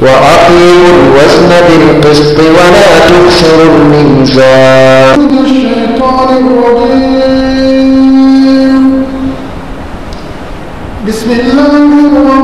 وأقيموا الوزن بالقسط ولا تخسروا الميزان بسم الله الرحمن الرحيم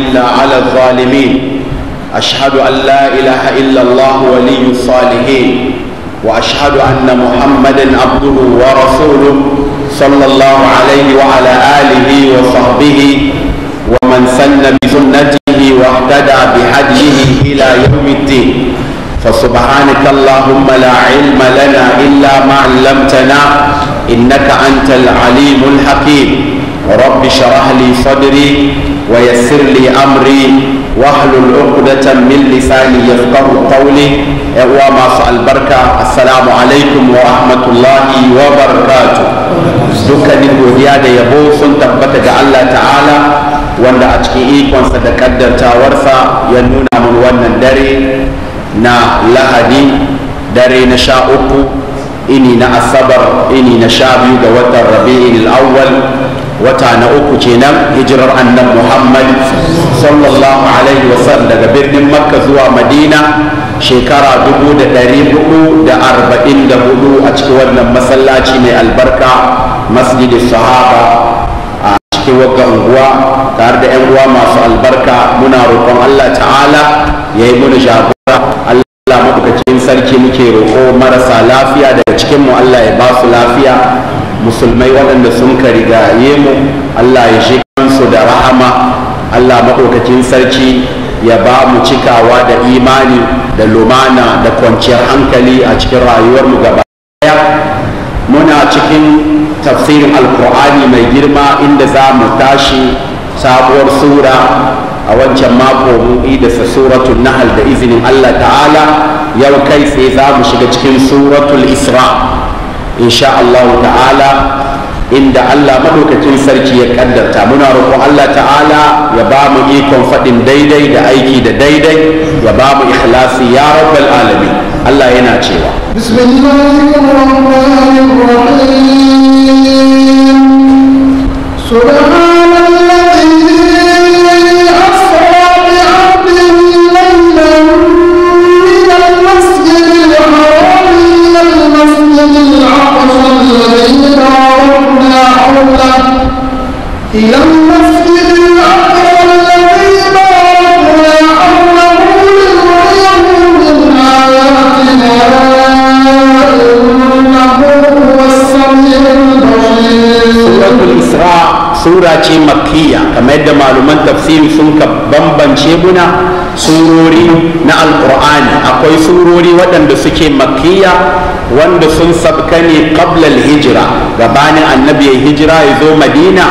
إلا على الظالمين أشهد أن لا إله إلا الله ولي الصالحين وأشهد أن محمدا عبده ورسوله صلى الله عليه وعلى آله وصحبه ومن سن بسنته واهتدى بهديه إلى يوم الدين فسبحانك اللهم لا علم لنا إلا ما علمتنا إنك أنت العليم الحكيم رب شرح لي صدري ويسر لي أمري واحلل عقدة من لساني يفقه قولي وما البركة السلام عليكم ورحمة الله وبركاته dukkanin godiya da yabo sun tabbata ga Allah ta'ala wanda a cikin ikonsa da kaddartawarsa ya nuna min wannan dare na lahadi dare na sha uku ini na asabar ini na sha biyu ga watan rabi'in al'awwal wata na uku kenan hijirar annan muhammad sallallahu alaihi wasallam daga birnin makka zuwa madina shekara dubu a cikin wannan masallaci mai albarka masjid sahaba a cikin wagga unguwa tare da yan uwa masu albarka muna roƙon allah ta'ala ya yi muni jagora allah maɗaukakin sarki muke roƙo marasa lafiya daga cikinmu allah ya ba su lafiya musulmai waɗanda sun ka rigaye mu allah ya shi kansu da rahama allah maɗaukakin sarki ya ba mu cikawa da imani da lumana da kwanciyar hankali a cikin rayuwarmu gaba daya muna cikin tafsirin alkur'ani mai girma inda za mu tashi sabuwar sura a wancan mako da sa suratul nahal da izinin allah ta'ala yau kai sai za mu shiga cikin suratul isra' insha Allah ta'ala inda Allah madaukakin sarki ya kaddarta muna roƙo Allah ta'ala ya ba mu ikon faɗin daidai da aiki da daidai ya ba mu ikhlasi ya rabbal alami Allah yana cewa bismillahirrahmanirrahim حوله إلى المسجد الأقصى الذي باركنا حوله لنريه من آياتنا إنه هو السميع البصير سورة الإسراء سورة مكية كما معلومات تفسير سنك surori na Alƙur'ani. akwai surori waɗanda suke makiya wanda sun sabka ne ƙablal hijira gabanin annabi ya hijira ya zo madina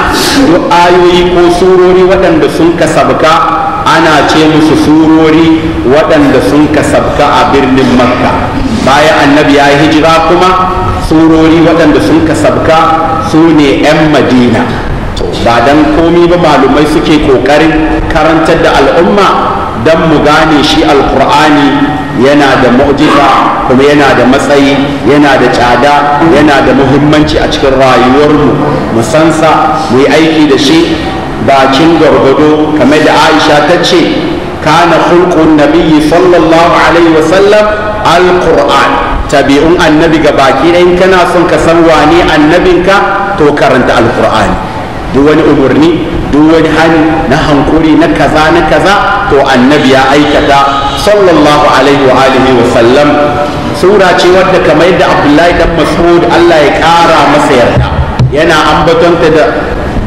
duk ayoyi ko surori waɗanda sun ka sabka ana ce musu surori waɗanda sun ka sabka a birnin makka bayan annabi ya hijira kuma surori waɗanda sun ka sabka su ne 'yan madina ba don komi ba malumai suke ƙoƙarin karantar da al'umma don mu gane shi alkur'ani yana da mu'jiza kuma yana da matsayi yana da tsada yana da muhimmanci a cikin rayuwarmu mu sansa mu yi aiki da shi bakin gwargwado kamar da aisha ta ce kana hulkun nabiyyi sallallahu alaihi wasallam alquran tabi'un annabi ga baki in kana son ka san wane annabinka to karanta alqur'ani duk wani umarni duk wani hani na hankuri na kaza na kaza to annabi ya aikata sallallahu alaihi wa alihi wa sallam sura ce wadda kamar da abdullahi dan mas'ud allah ya ƙara masa yarda yana ambatonta da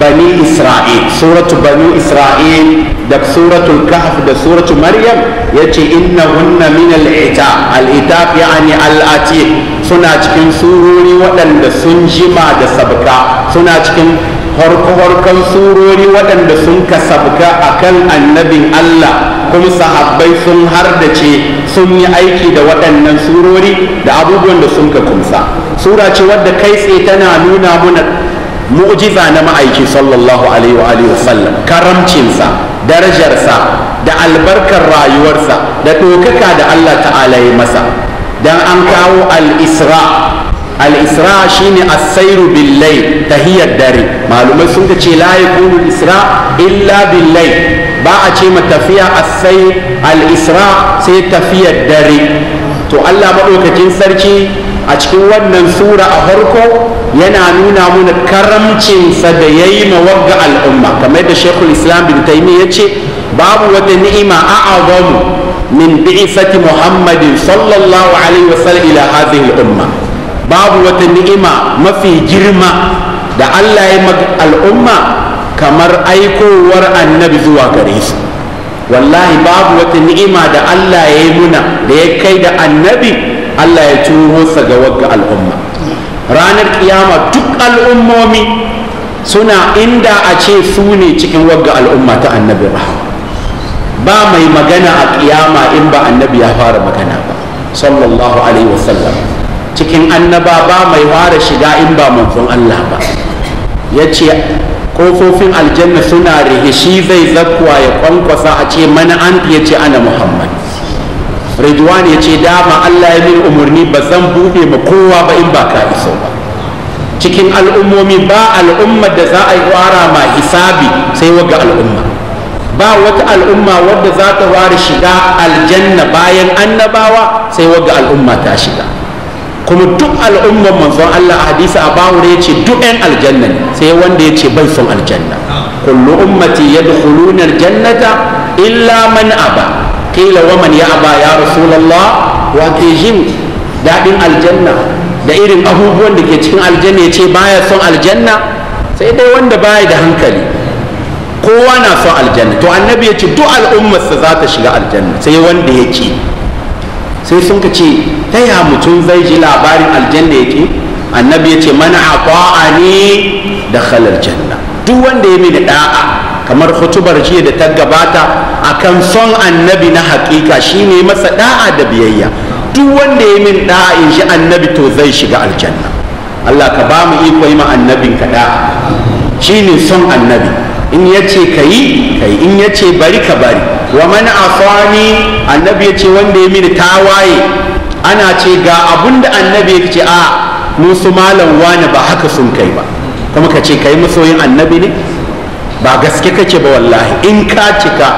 bani isra'il suratu bani isra'il da suratul kahf da suratu maryam yace innahunna min al-ita al-ita yani al suna cikin surori waɗanda sun jima da sabka suna cikin harko-harkon surori waɗanda sun kasabka akan annabin Allah kuma sahabbai sun hardace sun yi aiki da waɗannan surori da abubuwan da sun ka kumsa sura ce wadda kai tsaye tana nuna mana mu'jiza na ma'aiki sallallahu alaihi wa alihi wasallam karamcinsa darajarsa da albarkar rayuwarsa da ɗaukaka da Allah ta'ala ya masa dan an kawo al-isra al-isra shine as-sairu bil-layl tahiyyar dare malumai sun ce la yakunu isra illa bil-layl ba a ce ma tafiya asai al-isra sai tafiyar dare to Allah maɗaukakin sarki a cikin wannan sura a farko yana nuna mana karamcinsa da ya yi mawagga al'umma kamar da shekul islam bin taimi ya ce babu wata ni'ima a azamu min bi'isati muhammadin sallallahu alaihi wasallam ila hadhihi al'umma babu wata ni'ima mafi girma da Allah ya al'umma kamar aikowar annabi zuwa gare su wallahi babu wata ni'ima da Allah ya yi muna da ya kai da annabi Allah ya turo sa ga wagga al'umma ranar kiyama duk al'ummomi suna inda a ce su ne cikin wagga al'umma ta annabi rahama ba mai magana a kiyama in ba annabi ya fara magana ba sallallahu alaihi wasallam cikin annaba ba mai fara shiga in ba manzon Allah ba ya ce kofofin aljanna suna rihishi zai zakwa ya kwankwasa a ce mana an ya ce ana muhammad ridwan ya ce dama allah ya min umarni ba zan buɗe ma kowa ba in ba ka iso ba cikin al'ummomi ba al'umma da za a yi wara ma hisabi sai waga al'umma ba wata al'umma wadda za ta ware shiga aljanna bayan annabawa sai waga al'umma ta shiga kuma duk al'umman manzon Allah a hadisi a bahura ya ce duk 'yan aljanna ne sai wanda ya ce bai son aljanna kullu ummati yadkhuluna aljannata illa man aba qila wa man aba ya rasulullah wa qihim dadin aljanna da irin abubuwan da ke cikin aljanna ya ce baya son aljanna sai dai wanda baya da hankali kowa na son aljanna to annabi ya ce duk al'ummarsa za ta shiga aljanna sai wanda ya sai sun ka ce ta ya mutum zai ji labarin aljanna yake annabi ya ce mana a ne da halar janna duk wanda ya mini da'a kamar hutubar jiya da ta gabata a kan son annabi na hakika shine masa da'a da biyayya duk wanda ya min da'a in ji annabi to zai shiga aljanna Allah ka ba mu iko yi ma annabin ka da'a ne son annabi in ya ce ka yi ka yi in ya ce bari ka bari wa man asani annabi ya ce wanda ya mini tawaye ana ce ga abun da annabi ya ce a musu malam wani ba haka sun kai ba kuma ka ce kai masoyin annabi ne ba gaske kake ba wallahi in ka cika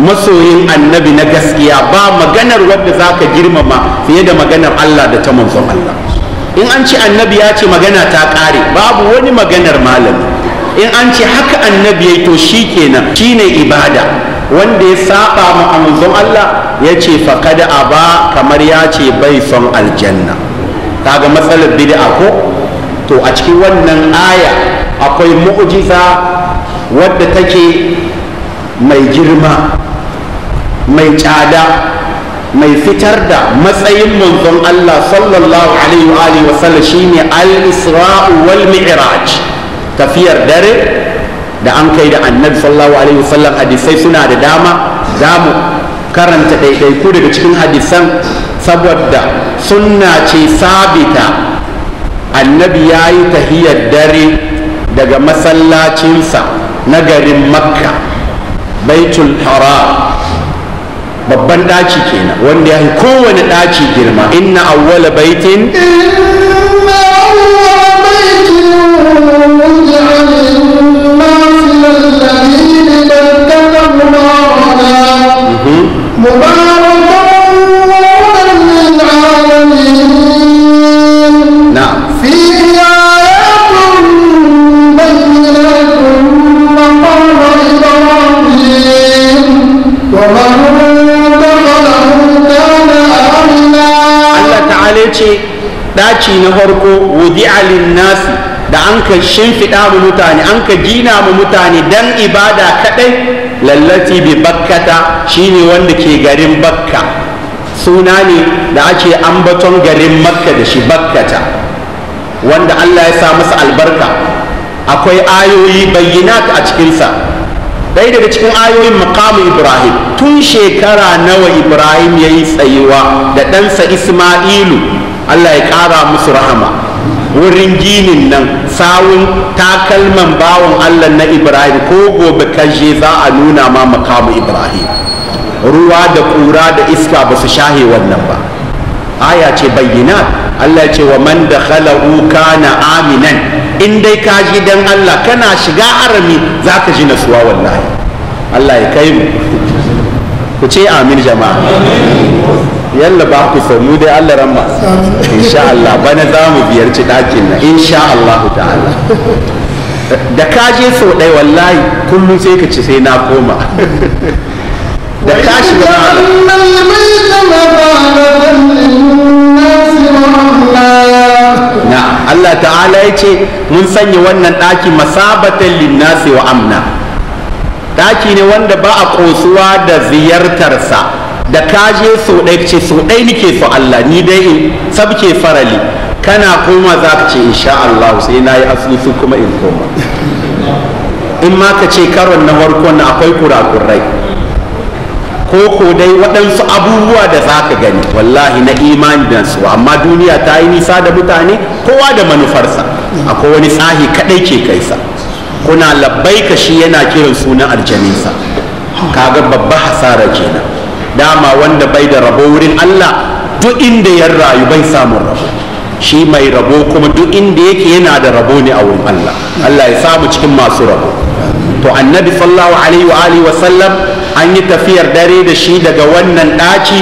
masoyin annabi na gaskiya ba maganar wadda za ka girmama fiye da maganar Allah da ta manzon Allah in an ce annabi ya ce magana ta kare babu wani maganar malami in an ce haka annabi ya to shi kenan ne ibada wanda ya saba a manzon Allah ya ce a ba kamar ya ce bai son aljanna kaga matsalar bid'a ko to a cikin wannan aya akwai mu'jiza wadda take mai girma mai tsada mai fitar da matsayin manzon Allah sallallahu alaihi wa alihi wa sallam shine al isra'u wal Mi'raj tafiyar dare da an kai da annabi sallallahu alaihi wasallam hadisai suna da dama za mu karanta ɗaiɗaiku daga cikin hadisan saboda sunna ce sabita annabi ya yi tahiyar dare daga masallacinsa na garin makka baitul hara babban ɗaci kenan wanda ya yi kowane ɗaci girma inna awwala baitin inna awwala baitin الذين اتقوا نارنا مباركة للعالمين نعم فيها آيات بينات مقام إبراهيم ومن دخله كان آمنا الله تعالى ce ɗaci na farko wudi alin nasi da an ka shimfiɗa mu mutane an ka gina mu mutane dan ibada kaɗai lallati bi bakkata shine wanda ke garin bakka suna ne da ake ambaton garin makka da shi bakkata wanda allah ya sa masa albarka akwai ayoyi bayyinat a cikinsa ɗaya daga cikin ayoyin makamu ibrahim tun shekara nawa ibrahim ya yi tsayuwa da ɗansa isma'ilu allah ya ƙara musu rahama wurin ginin nan sawun takalman bawan allah na ibrahim ko gobe kaje za a nuna ma makamu ibrahim ruwa da kura da iska ba su shahe wannan ba aya ce bayyana allah ce wa man da khalahu kana aminan in dai ka ji dan allah kana shiga arami za ka ji nasuwa wallahi allah ya kai mu ku ce amin jama'a yalla ba ku samu dai Allah ramma insha Allah bana za mu biyarci ɗakin nan insha Allah ta'ala da ka je so ɗaya wallahi kullum sai ka ci sai na koma da ka shiga na Allah ta'ala ya ce mun sanya wannan ɗaki masabatan linnasi wa amna ɗaki ne wanda ba a ƙosuwa da ziyartarsa da ka je so ɗai ce so ɗai nike so Allah ni dai in sabke farali kana koma za ka ce insha Allah sai na yi asusu kuma in koma in ma ka ce karon na farko na akwai kurakurai ko ko dai waɗansu abubuwa da za ka gani wallahi na imani da su amma duniya ta yi nisa da mutane kowa da manufarsa akwai wani tsahi kaɗai ke kaisa kuna labbaika shi yana kiran sunan aljaninsa kaga babba hasara kenan dama wanda bai da rabo wurin Allah duk inda ya rayu bai samun rabo shi mai rabo kuma duk inda yake yana da rabo ne a wurin Allah Allah ya samu cikin masu rabo to annabi sallallahu alaihi wa alihi wa sallam an yi tafiyar dare da shi daga wannan ɗaci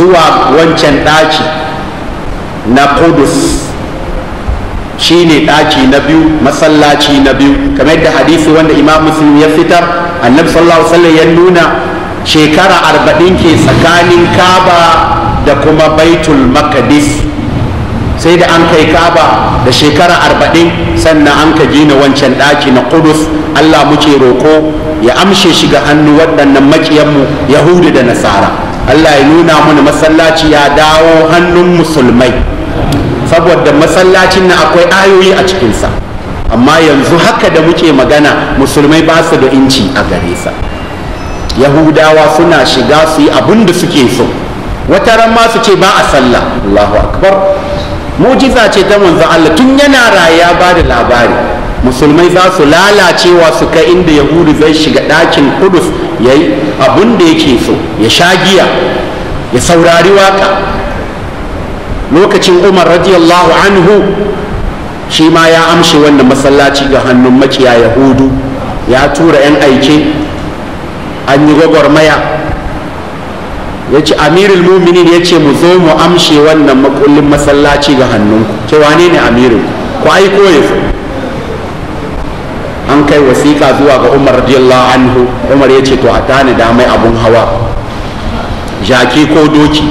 zuwa wancan ɗaci na Qudus shi ne na biyu masallaci na biyu kamar yadda hadisi wanda imam muslim ya fitar annabi sallallahu alaihi sallam ya nuna shekara arba'in ke tsakanin kaba da kuma baitul makadis sai da an kai kaba da shekara arba'in sannan an ka gina wancan ɗaki na kudus allah muke roko ya amshe shi ga hannu waɗannan maƙiyanmu yahudu da nasara allah ya nuna mana masallaci ya dawo hannun musulmai saboda masallacin na akwai ayoyi a cikinsa amma yanzu haka da muke magana musulmai ba su da inci a gare sa yahudawa suna shiga su yi abin da suke so wata ran ma su ce ba a sallah allahu akbar mujiza ce ta manzo allah tun yana raya ba da labari musulmai za su lalacewa su kai inda yahudu zai shiga ɗakin kudus ya yi abin da yake so ya sha giya ya saurari waka lokacin umar radiyallahu anhu shi ma ya amshe wannan masallaci ga hannun makiya yahudu ya tura 'yan aike an yi gwagwarmaya ya ce amirul muminin ya ce mu zo mu amshe wannan makullin masallaci ga hannunku ce wane ne amirin ku aiko ya zo an kai wasiƙa zuwa ga umar radiyallahu anhu umar ya ce to a tanada mai abun hawa jaki ko doki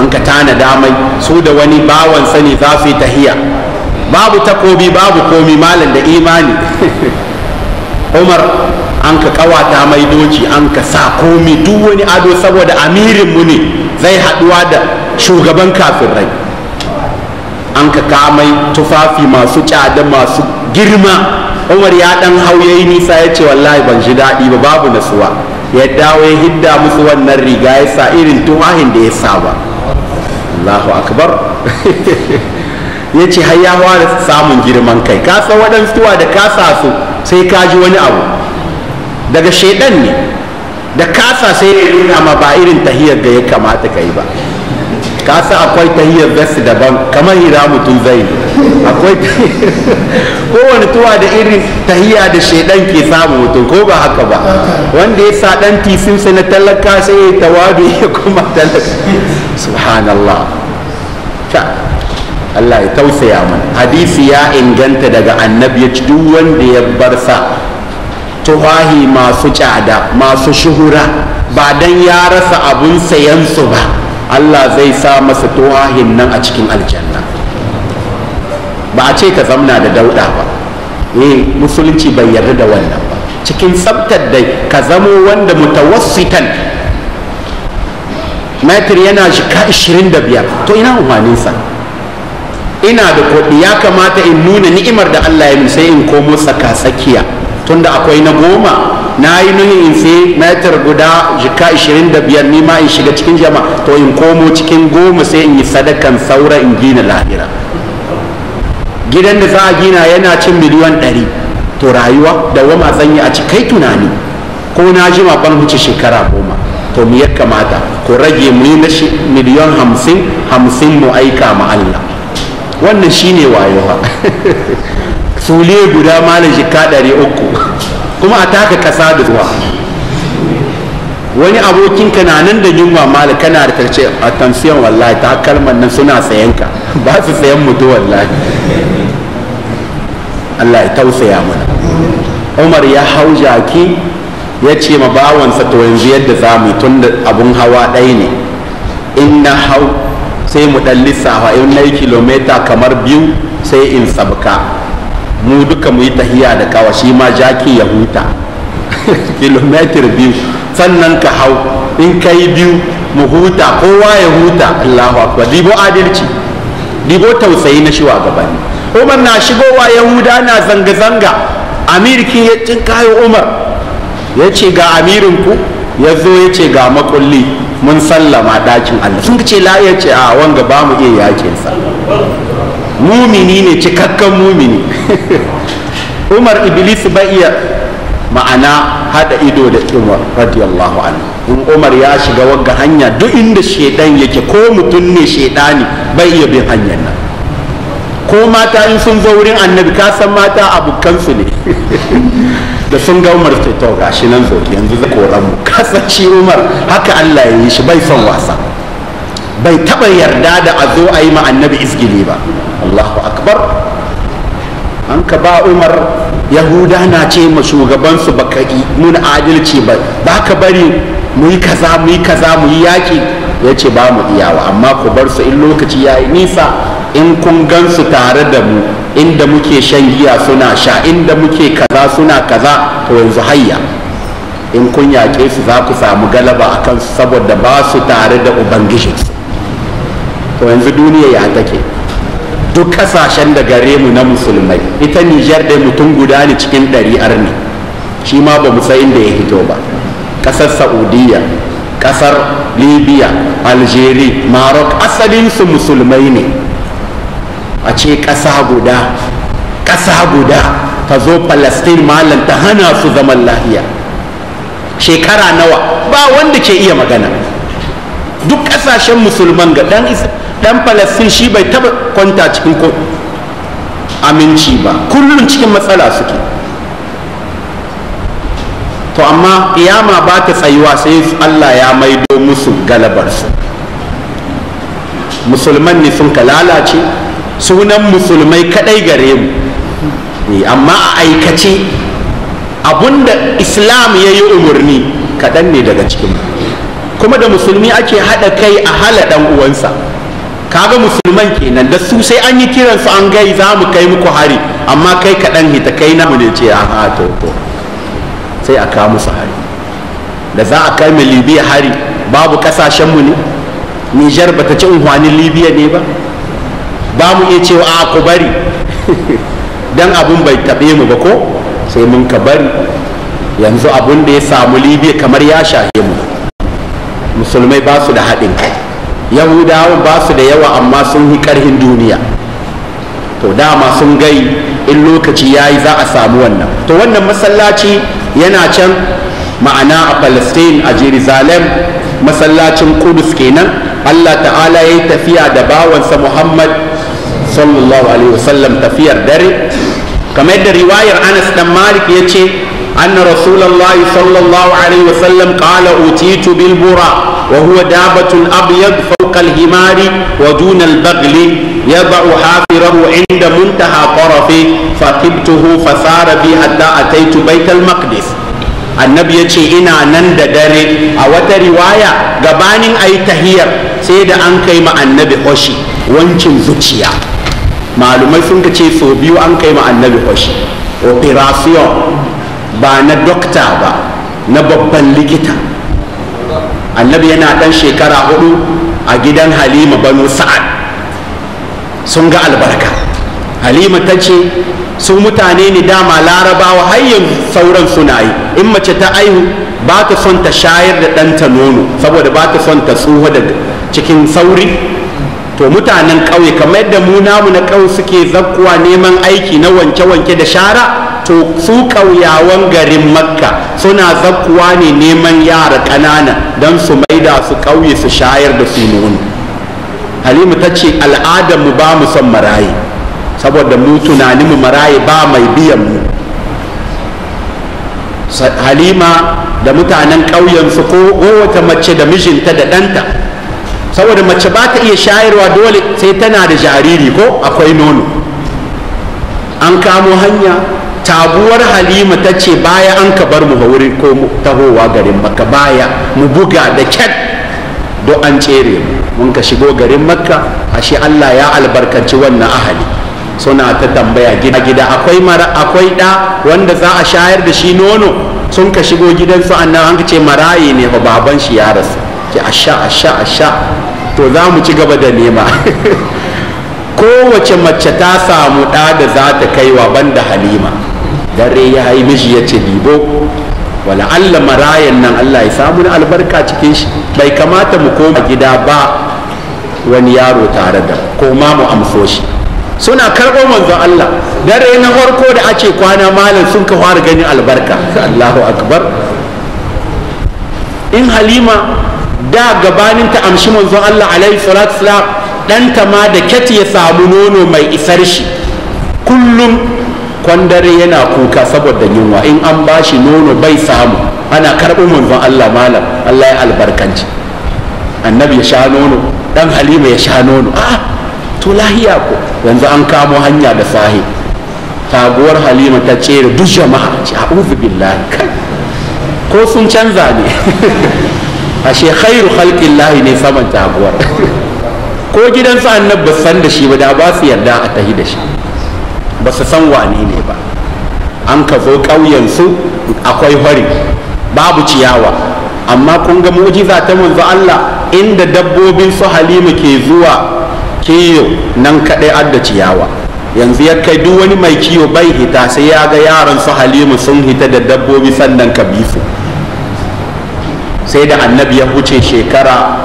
an ka tana mai su da wani bawan sani za su yi tahiya babu takobi babu komi malam da imani umar an ka kawata mai doki an ka sa komi duk wani ado saboda amirin mu ne zai haduwa da shugaban kafirai an ka kamai tufafi masu cada masu girma umar ya dan hau yayi nisa ya ce wallahi ban ji daɗi ba babu nasuwa ya dawo ya hidda musu wannan riga ya sa irin tuhahin da ya saba Allahu akbar ya ce har ya samun girman kai ka san waɗansu da ka sa su sai ka ji wani abu daga shaidan ne da kasa sai ya nuna ma ba irin tahiyar da ya kamata ka yi ba kasa akwai tahiyar vest daban kamar hira mutum zai akwai kowane tuwa da irin tahiya da shaidan ke samu mutum ko ba haka ba wanda ya sa dan tisinsa na talaka sai ya tawadu ya kuma talaka subhanallah ta Allah ya tausaya mana hadisi ya inganta daga annabi ya ci duk wanda ya bar sa Tuwahi masu tsada masu shuhura ba don ya rasa abun sayansu ba Allah zai sa masa tuwahin nan a cikin aljanna ba a ce ka zamna da dauda ba eh musulunci bai yarda da wannan ba cikin tsabtar da ka zamo wanda mutawassitan metri yana shiga 25 to ina umarninsa ina da kuɗi ya kamata in nuna ni'imar da Allah ya sai in komo saka tsakiya tunda akwai na goma na yi nuni in fi metar guda jika 25 nima in shiga cikin jama'a to in komo cikin goma sai in yi sadakan saura in gina lahira gidan da za a gina yana cin miliyan 100 to rayuwa da wama zanyi a cikai tunani ko na ma ban wuce shekara goma to mu ya kamata ku rage mu yi na miliyan 50 50 mu aika ma Allah wannan shine wayewa sule guda malam jika 300 kuma a taka kasa da zuwa wani abokin ka na nan da yunwa mali kana da tarce a tamsiyan wallahi ta kalmar nan suna sayan ka ba su sayan mutu wallahi Allah ya tausaya mana Umar ya hau jaki ya ce ma bawansa to yanzu yadda za mu tun da abun hawa ɗaya ne in na hau sai mu ɗan lissafa in na yi kilomita kamar biyu sai in sabka mu duka mu yi tahiya da kawa shi ma jaki ya huta kilometer biyu sannan ka hau in ka yi biyu mu huta kowa ya huta allahu akbar dibo adalci dibo tausayi na shiwa gabani umar na shigowa yahuda na zanga-zanga amirki ya cin kayo umar ya ce ga amirinku ya zo ya ce ga makulli mun sallama dakin allah sun ce la ya ce a wanga ba mu iya yakinsa mumini ne cikakken mumini umar iblis ba iya ma'ana hada ido da umar radiyallahu anhu in umar ya shiga wagga hanya duk inda shedan yake ko mutum ne shedani bai iya bin hanyar nan ko mata in sun zo wurin annabi ka san mata abokansu ne da sun ga umar sai to gashi nan zo yanzu zai koran mu ka san shi umar haka Allah ya yi shi bai son wasa bai taba yarda da a zo a yi ma annabi izgili ba allahu akbar an ka ba umar yahuda na ce ma shugabansu ba ka yi nuna adalci ba ba ka bari mu yi kaza mu yi kaza mu yi yaƙi ya ce ba mu iyawa amma ku bar su in lokaci ya yi nisa in kun gan tare da mu inda muke shan giya suna sha inda muke kaza suna kaza to yanzu hayya in kun yaƙe su za ku samu galaba a kansu saboda ba su tare da ubangijinsu to yanzu duniya ya take duk kasashen da gare mu na musulmai ita nijar dai mutum guda ne cikin ɗari arni shi ma ba mu san inda ya hito ba ƙasar saudiya ƙasar libya algeria maroc su musulmai ne a ce ƙasa guda ƙasa guda ta zo palestine malam ta hana su zaman lafiya shekara nawa ba wanda ke iya magana duk ƙasashen musulman ga ɗan isa dan falastin shi bai taba kwanta cikin aminci ba kullum cikin matsala suke to amma iyama ba ta tsayuwa sai allah ya maido musu galabarsu musulman ne sun ka lalace sunan musulmai kadai gare mu amma a aikace abinda islam ya yi umarni kaɗan ne daga cikin kuma da musulmi ake haɗa kai a hala ɗan uwansa kaga musulman kenan da su sai an yi kiran su an gai za mu kai muku hari amma kai kaɗan hita kai mu ne ce a to to sai a kawo musu hari da za a kai mai libya hari babu kasashenmu ne nijar ba ta ci unhwanin libiya ne ba ba mu iya cewa a ku bari dan abun bai taɓe mu ba ko sai mun ka bari yanzu abun da ya samu libiya kamar ya shahe mu musulmai ba su da haɗin kai Yahudawa ba su da yawa amma sun yi karhin duniya to dama sun gai in lokaci ya yi za a samu wannan to wannan masallaci yana can ma'ana a palestine a jerusalem masallacin kudus kenan allah ta'ala ya yi tafiya da bawansa muhammad sallallahu alaihi wasallam tafiyar dare kamar da riwayar anas dan malik ya ce anna rasulallah sallallahu alaihi wasallam qala utitu bil bura wa huwa dabatun abyad fa فوق الهمار ودون البغل يضع حافره عند منتهى طرفه فقبته فسار بي حتى أتيت بيت المقدس annabi ya ce ina nan da dare a wata riwaya gabanin a yi tahiyar sai da an kai ma annabi oshi wancin zuciya malumai sun ka ce sau biyu an kai ma annabi oshi operation ba na dokta ba na babban likita annabi yana dan shekara hudu a gidan halima banu sa'ad sun ga albarka halima ta ce su mutane ne dama larabawa har yanzu sauran suna yi in mace ta aihu ba ta son ta shayar da ɗanta nono saboda ba ta son ta tsoho da cikin sauri to mutanen ƙauye kamar yadda mu namu na ƙauye suke zakkuwa neman aiki na wanke-wanke da shara to su ƙauyawan garin makka suna zakkuwa ne neman yara ƙanana don su maida su ƙauye su shayar da su nono halimu ta ce al'adar ba mu son maraye saboda mu tunanin mu maraye ba mai biyan mu halima da mutanen ƙauyensu ko kowace mace da mijinta da ɗanta saboda mace ba ta iya shayarwa dole sai tana da jariri ko akwai nono an kamo hanya tabuwar halima ta ce baya an ka bar mu ba wuri ko tahowa garin makka baya mu buga da kyat do an tsere mun ka shigo garin makka ashe allah ya albarkaci wannan ahali suna ta tambaya gida gida akwai mara akwai da wanda za a shayar da shi nono sun ka shigo gidansu annan an ka ce marayi ne ba baban shi ya rasu ki asha asha asha to za mu ci gaba da nema kowace mace ta samu ɗa da za ta kaiwa banda halima dare ya yi mishi ya ce libo wala'alla marayan nan Allah ya samu na albarka cikin shi bai kamata mu koma gida ba wani yaro tare da ko ma mu amso shi suna karɓo manzo Allah dare na farko da ake kwana malam sun ka fara ganin albarka Allahu akbar in halima da gabanin ta amshi manzon Allah alaihi salatu salam ɗanta ma da kati ya samu nono mai isar shi kullum kwandare yana kuka saboda yunwa in an bashi nono bai samu ana karɓi manzon Allah malam Allah ya albarkanci annabi ya sha nono dan halima ya sha nono a to lahiya ko yanzu an kamo hanya da sahi taguwar halima ta cere duk jama'a a a'udhu billahi ko sun canza ne a ashe khairu lahi ne saman taguwar ko gidansu annabba san da shi ba da ba su yarda a tahi da shi ba su san wane ne ba an ka zo ƙauyensu akwai hori babu ciyawa amma kun ga mujiza ta manzo Allah inda dabbobin su Halima ke zuwa kiyo nan kaɗai adda ciyawa yanzu ya kai duk wani mai kiyo bai hita sai ya ga yaran su Halima sun hita da dabbobi sannan ka bi su sai da annabi ya huce shekara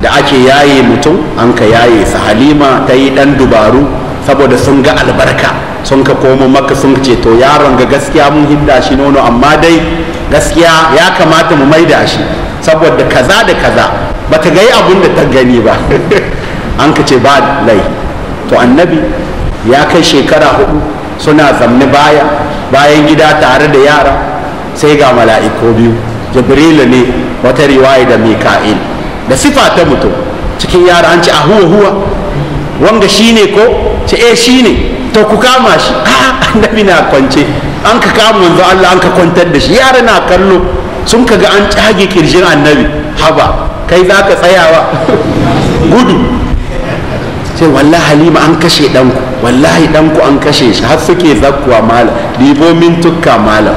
da ake yaye mutum an ka yaye su Halima ta yi ɗan dubaru saboda sun ga albarka sun ka komo maka sun ce to yaron ga gaskiya mun hinda shi nono amma dai gaskiya ya kamata mu mai da shi saboda kaza da kaza bata ga yi abun da ta gani ba an ka ce ba lai to annabi ya kai shekara hudu suna zamni baya bayan gida tare da yara sai ga mala'iko biyu jibrilu ne wata riwaya da mika'il da sifa ta mutum cikin yara an ce a huwa huwa wanga shine ko ce eh shine to ku kama shi a ah, annabi na kwance an ka kama manzo Allah an ka kwantar da shi yara na kallo sun ka ga an cage kirjin annabi haba kai za ka tsayawa gudu ce wallahi halima an kashe danku wallahi danku an kashe shi har suke zakkuwa libo min tukka malam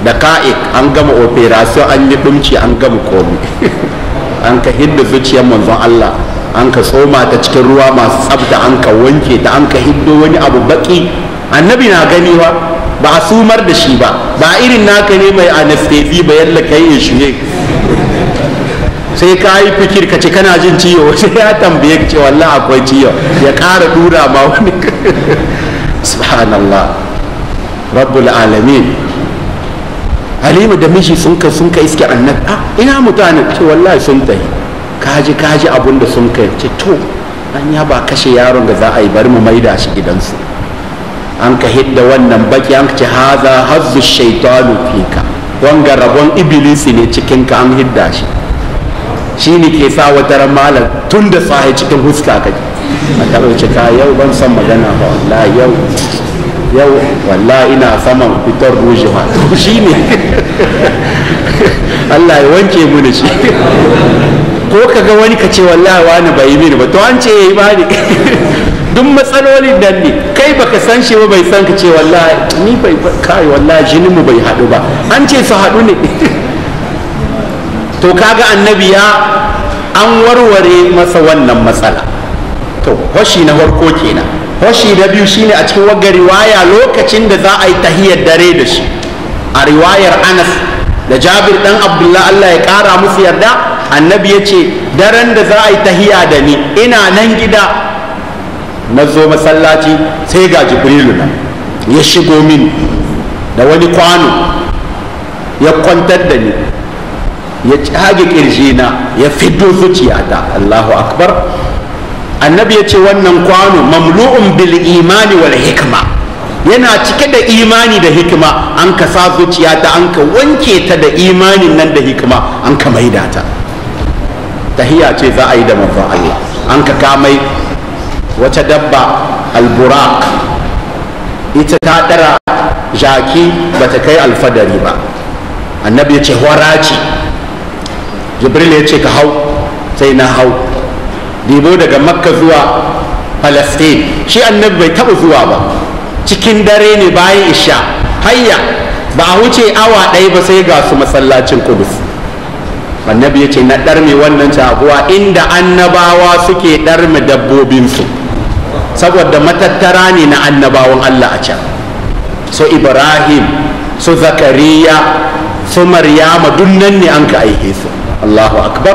da ka'ik an gama operation an yi dumci an gama komi an ka hidda zuciyar manzon Allah an ka tsoma ta cikin ruwa masu tsabta an ka wanke ta an ka hiddo wani abu baki annabi na gani ba ba a sumar da shi ba ba irin naka ne mai anesthesi ba yalla kai in shi sai ka yi fikir ka ce kana jin ciwo sai ya tambaye ka ce walla akwai ciwo ya kara dura ma wani subhanallah rabbul alamin halima da mishi sun ka sun ka iske annabi ah, ina mutanen ce wallahi sun tafi kaji kaji abun da sun kai ce to an ya ba kashe yaron da za a yi bari mu maida shi gidansu an ka hidda wannan baki an ce haza hazzu shaitanu fika wanga rabon ibilisi ne cikin ka an hidda shi shi ne ke sa wata ramalar tun da sahi cikin huska ka a taɓa cika yau ban san magana ba wallahi yau yau wallahi ina saman fitar rushe ba shi ne Allah ya wanke mu da shi ko ka ga wani ka ce wallahi wani bai yi mini ba to an ce ya yi ne duk matsalolin nan ne kai baka san shi ba bai san ka ce wallahi ni bai kai wallahi jinin mu bai haɗu ba an ce su haɗu ne to kaga annabi ya an warware masa wannan matsala to hoshi na farko kenan hoshi na biyu shine a cikin wagga riwaya lokacin da za a yi tahiyar dare da shi a riwayar anas da jabir dan abdullah allah ya kara musu yarda annabi ya ce daren da za a yi tahiya da ni ina nan gida na zo masallaci sai ga jibrilu na ya shigo min da wani kwano ya kwantar da ni ya cage na ya fito zuciyata allahu akbar annabi ya ce wannan kwano mamlu'un bil imani wal hikma yana cike da imani da hikima an ka sa zuciya ta an ka wanke ta da imanin nan da hikima an ka maida ta tahiya ce za a yi da manzon Allah an ka kamai wata dabba alburak ita ta dara jaki ta kai alfadari ba annabi ya ce waraci jibril ya ce ka hau sai na hau dibo daga makka zuwa palestine shi annabi bai taɓa zuwa ba cikin dare ne bayan isha hayya ba a wuce awa ɗaya ba sai ga su masallacin kudus annabi ya ce na ɗarme wannan taguwa inda annabawa suke ɗarme dabbobinsu saboda matattara ne na annabawan allah a can su ibrahim su zakariya su maryama duk nan ne an ka aike su allahu akbar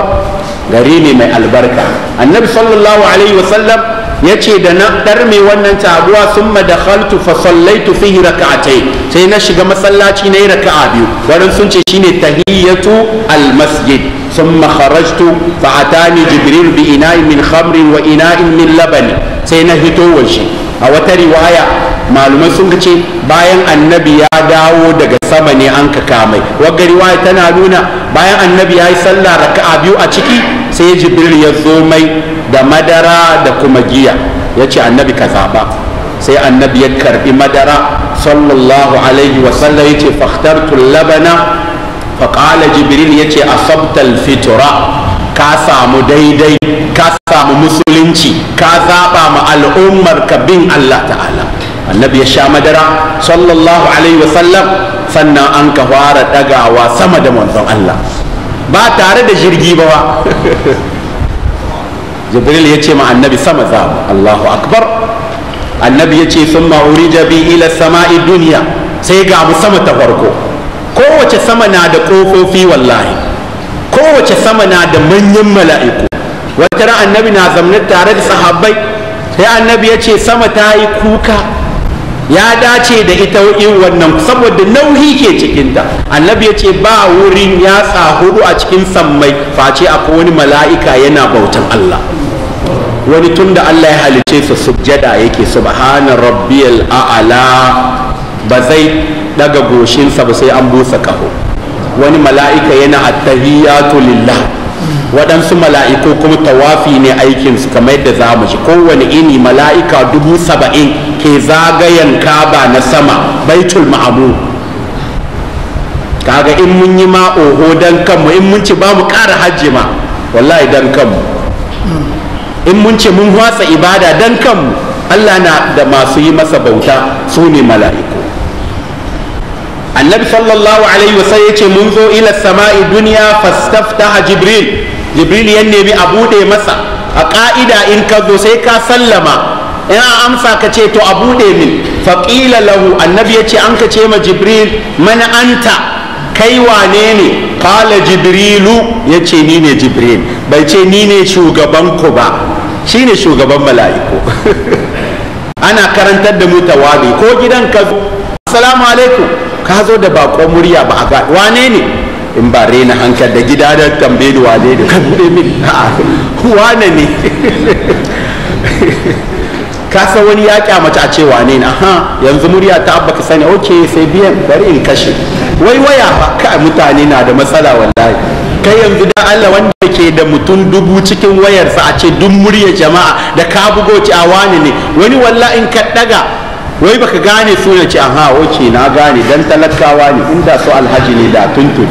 gari ne mai albarka annabi sallallahu alaihi wasallam ya ce da na ɗarme wannan tabuwa sun madakhaltu fa sallaitu fihi raka'atai sai na shiga masallaci na yi raka'a biyu warin sun ce shine tahiyyatu almasjid sun makharajtu fa atani jibril bi ina'in min khamri wa ina'in min labani sai na hito washi a wata riwaya malumai sun ce bayan annabi ya dawo daga sama ne an ka kamai wagga riwaya tana nuna bayan annabi ya yi sallah raka'a biyu a ciki sai jibril ya zo mai da madara da kuma giya ya ce annabi ka zaɓa sai annabi ya karɓi madara sallallahu alaihi wasallam ya ce fahtartul labana faƙala jibril ya ce asabtal fitura ka samu daidai ka samu musulunci ka zaɓa ma al'ummar ka bin allah ta'ala annabi ya sha madara sallallahu alaihi wasallam sannan an ka fara ɗagawa sama da manzon allah ba tare da jirgi ba ba jibril ya ce ma annabi sama za allahu akbar annabi ya ce sun ma'uri jabi ila sama'i duniya sai ga mu sama ta farko kowace sama na da ƙofofi wallahi kowace sama na da manyan mala'iku wata annabi na zamne tare da sahabbai sai annabi ya ce sama ta yi kuka ya dace da ita wannan saboda nauyi ke cikinta annabi ya ce ba wurin yatsa hudu a cikin sammai face a wani mala'ika yana bautan Allah wani tun da Allah ya halice su sujjada yake subhana rabbiyal a'ala ba zai daga goshinsa ba sai an busa kaho wani mala'ika yana attahiyatu lillah waɗansu mala'iku kuma tawafi ne aikinsu kamar yadda za mu ji kowane ini mala'ika dubu saba'in ke zagayen kaba na sama baitul ma'amu kaga in mun yi ma oho dan kanmu in mun ci ba mu ƙara hajji ma wallahi dan kanmu in mun ce mun watsa ibada dan kanmu Allah na da masu yi masa bauta su ne mala'iku annabi sallallahu alaihi wasallam ya ce mun zo ila sama'i duniya fastafta jibril jibril ya nemi a buɗe masa a ƙa'ida in ka zo sai ka sallama in an amsa ka ce to a buɗe min faƙila lahu annabi ya ce an ka ce ma jibril mana anta kai wane ne kala jibrilu ya ce ni ne jibril bai ce ni ne shugaban ku ba shi ne shugaban mala'iku ana karantar da mu ko gidan ka zo assalamu alaikum ka zo da bakon murya ba a ga wane ne in ba rena hankali da gida da tambaye da wane da ka bude min wane ne ka san wani ya kyamata a ce wane ne aha yanzu murya ta abba ka sani ok sai biyan bari in kashe wai waya ba ka mutane na da matsala wallahi kai yanzu da Allah wanda ke da mutum dubu cikin wayarsa a ce duk murya jama'a da ka bugo ci a wane ne wani wallahi in ka daga wai baka gane suna ce aha ok na gane dan talakawa ne inda su alhaji ne da tuntun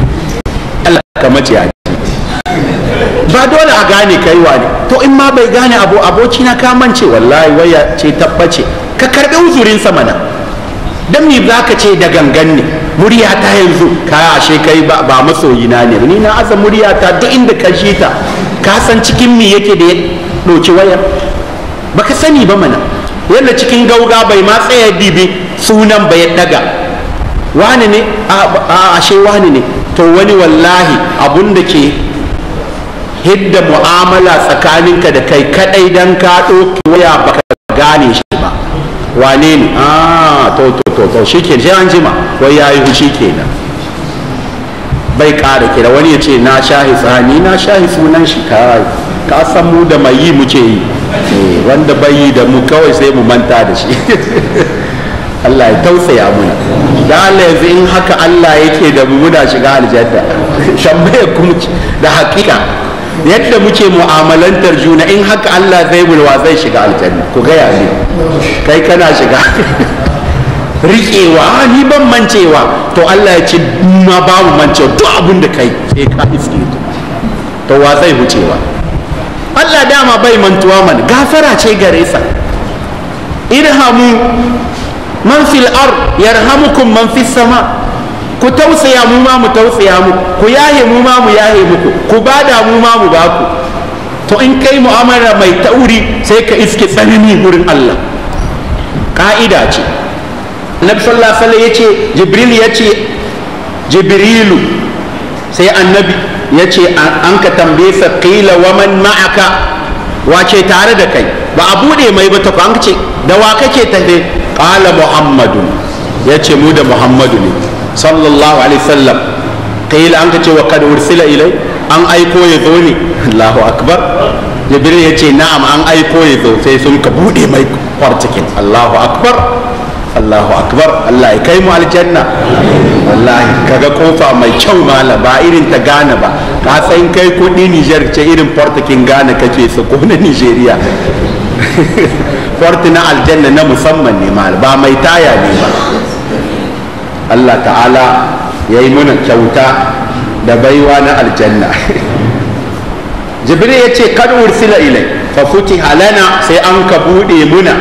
ka mace a ba dole a gane kai ne, to in ma bai gane abu aboki na ka mance wallahi waya ce tabbace ka karbi uzurin sa mana dan me zaka ce da gangan ne murya ta yanzu ka ashe kai ba ba masoyina ne ni na asa murya ta duk inda ka shi ta ka san cikin me yake da ya doki Ba baka sani ba mana yalla cikin gauga bai ma tsaya dibi sunan ba ya daga wani ne a ashe wani ne to wani wallahi abun da ke hidda mu'amala tsakaninka da kai kadai dan ka ɗauki waya baka gane shi ba wane ne a to to to to shi ke sai an jima wai shi ke kenan bai ƙara kira wani ya ce na sha hitsani na sha sunan shi ka ka san mu da mai yi muke yi eh, wanda bai yi da mu kawai sai mu manta da shi Allah ya tausaya mu da Allah yanzu in haka Allah yake da mu muna shiga aljanna shambayar kuma da hakika yadda muke mu'amalantar juna in haka Allah zai bulwa zai shiga aljanna ku ya ne kai kana shiga riƙewa ah, ni ban mancewa to Allah ya ce ma babu mancewa duk abin da kai sai ka iske to wa zai wucewa Allah dama bai mantuwa man gafara ce gare sa irhamu man fil ar yarhamukum man fis sama ku tausaya mu ma mu tausaya mu ku yahe mu ma mu yahe muku ku bada mu ma mu baku to in kai mu'amala mai tauri sai ka iske tsanani gurin Allah ka'ida ce Nabi sallallahu alaihi yace Jibril yace Jibrilu sai annabi yace an ka tambaye sa qila waman ma'aka wace tare da kai ba a buɗe mai ba tafi an ce da wa kake tafe ƙala muhammadu ya ce mu da muhammadu ne sallallahu alaihi wasallam qila an ce wa kad ursila ilai an aiko ya zo ne allahu akbar jibril ya ce na'am an aiko ya zo sai sun ka buɗe mai kwartikin allahu akbar allahu akbar allah ya kai mu aljanna wallahi kaga kofa mai kyau malam ba irin ta gane ba ka san kai kudi Niger ce irin portakin gane kake su ko na Nigeria forti na aljanna na musamman ne malam ba mai taya ne ba Allah ta'ala ya yi mana kyauta da baiwa na aljanna jibril ya ce kad ursila ilai fa futiha lana sai an ka bude muna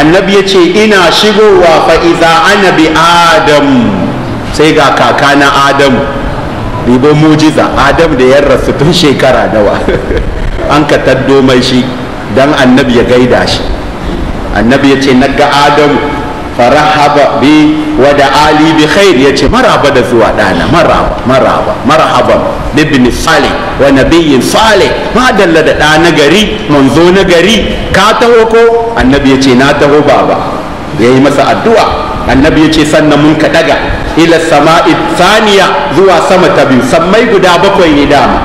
annabi ya ce ina shigowa fa iza ana bi adam sai ga kaka na adamu ribo mujiza adam da ya rasu tun shekara dawa an ka taddo mai shi don annabi ya gaida shi annabi ya ce na ga adamu farahaba bi wa da ali bi khair ya ce maraba da zuwa dana maraba maraba marhaban ibn salih wa nabiyyin salih ma dalla da da na gari manzo na gari ka taho ko annabi ya ce na taho baba yi masa addu'a annabi ya ce sannan mun ka daga ila sama'i saniya zuwa sama ta biyu sammai guda bakwai ne dama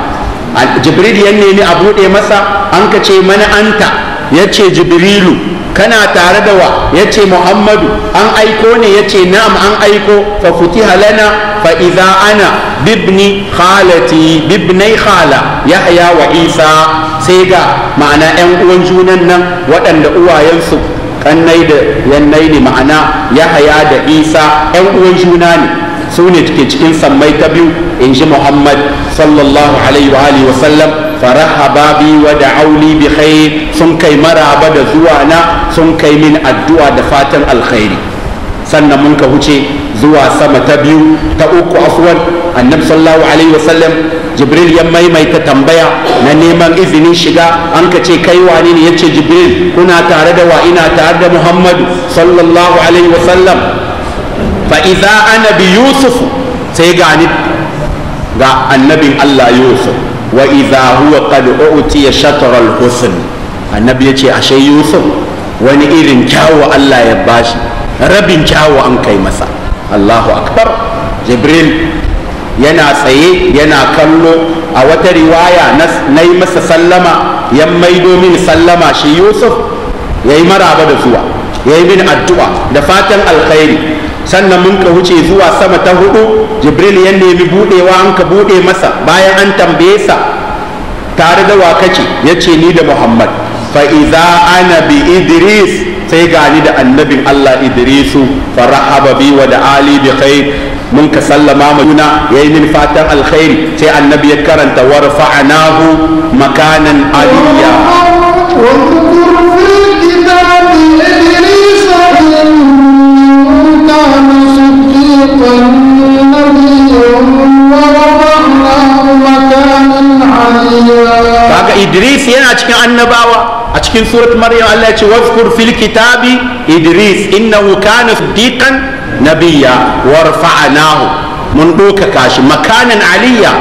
jibril ya nemi a buɗe masa an ka ce mana anta ya ce jibrilu kana tare da wa ya ce muhammadu an aiko ne ya ce na'am an aiko fa futi lana fa iza ana bibni khalati bibnai khala yahya wa isa sai ga ma'ana 'yan uwan junan nan waɗanda uwayensu kannai da yannai ne ma'ana yahaya da isa yan uwan juna ne su ne ke cikin sammai ta biyu in ji muhammad sallallahu alaihi wa wa sallam farahaba bi wa bi khair sun kai maraba da zuwa na sun kai min addu'a da fatan alkhairi sannan mun ka huce zuwa sama ta biyu ta uku afwan annabi sallallahu alaihi wa sallam jibril ya maimaita tambaya na neman izinin shiga an ka ce kai wani ne ya ce jibril kuna tare da wa ina tare da muhammadu sallallahu alaihi wasallam fa idza ana bi yusuf sai gani ga annabin allah yusuf wa idza huwa qad utiya shatr al husn annabi yace ashe yusuf wani irin kyawu allah ya bashi rabin kyawu an kai masa allahu akbar jibril yana tsaye yana kallo a wata riwaya na yi masa sallama ya maido mini sallama shi yusuf ya yi maraba da zuwa ya yi min addu'a da fatan alkhairi sannan mun ka wuce zuwa sama ta hudu jibril ya nemi budewa an ka bude masa bayan an tambaye sa tare da wa kake ya ce ni da muhammad fa'iza ana bi idris sai gani da annabin allah idrisu farahaba bi wa da ali bi khair منك سلم ما منا يمن فاتر الخير سي النبي كرنت ورفعناه مكانا عليا وانذكر في الكتاب ادريس كان صديقا نبيا ورفعناه مكانا عليا ادريس يا اشكي النبوة اشكي سورة مريم الله واذكر في الكتاب ادريس انه كان صديقا nabiya wa rafa'anahu mun ɗaukaka shi makanan aliyya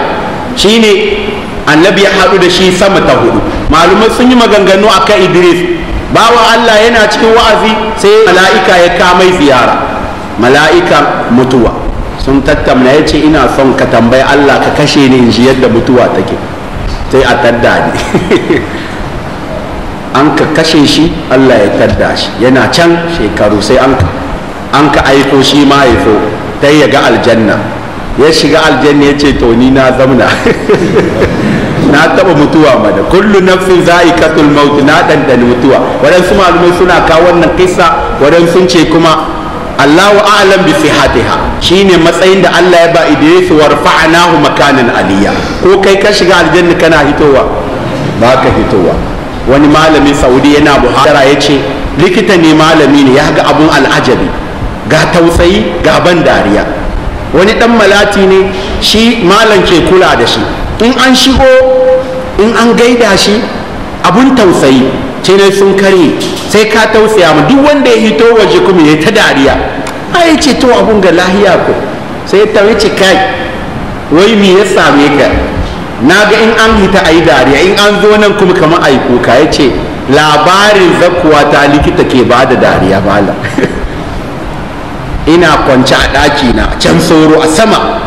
shine annabi ya haɗu da shi sama ta hudu malumai sun yi maganganu akan idris bawa allah yana cikin wa'azi sai mala'ika ya kamai ziyara mala'ika mutuwa sun tattamna ya ce ina son ka tambayi allah ka kashe ni in ji yadda mutuwa take sai a tadda ne an ka kashe shi allah ya tadda shi yana can shekaru sai an ka an ka aiko shi ma aiko Ta ya ga aljanna ya shiga aljanna ya ce to ni na zamna na taba mutuwa mana kullu nafsin za'iqatul maut na dandana mutuwa su malumai suna kawo wannan kisa sun ce kuma Allahu a'lam bi sihatiha shine matsayin da Allah ya ba Idris wa rafa'nahu makanan aliyya ko kai ka shiga aljanna kana hitowa ba ka hitowa wani malami Saudi yana buhara yace likita ne malami ne ya ga abun al'ajabi ga tausayi ga ban dariya wani dan malati ne shi malam ke kula da shi in an shigo in an gaida shi abun tausayi ce ne sun kare sai ka tausaya mu duk wanda ya hito waje kuma ya ta dariya ai ce to abun ga lahiya ko sai ta wuce kai wai me ya same ka na ga in an hita ayi dariya in an zo nan kuma kamar ayi kuka ya ce labarin zakuwa ta likita ke ba da dariya malam ina kwance a ɗaki na can sauro a sama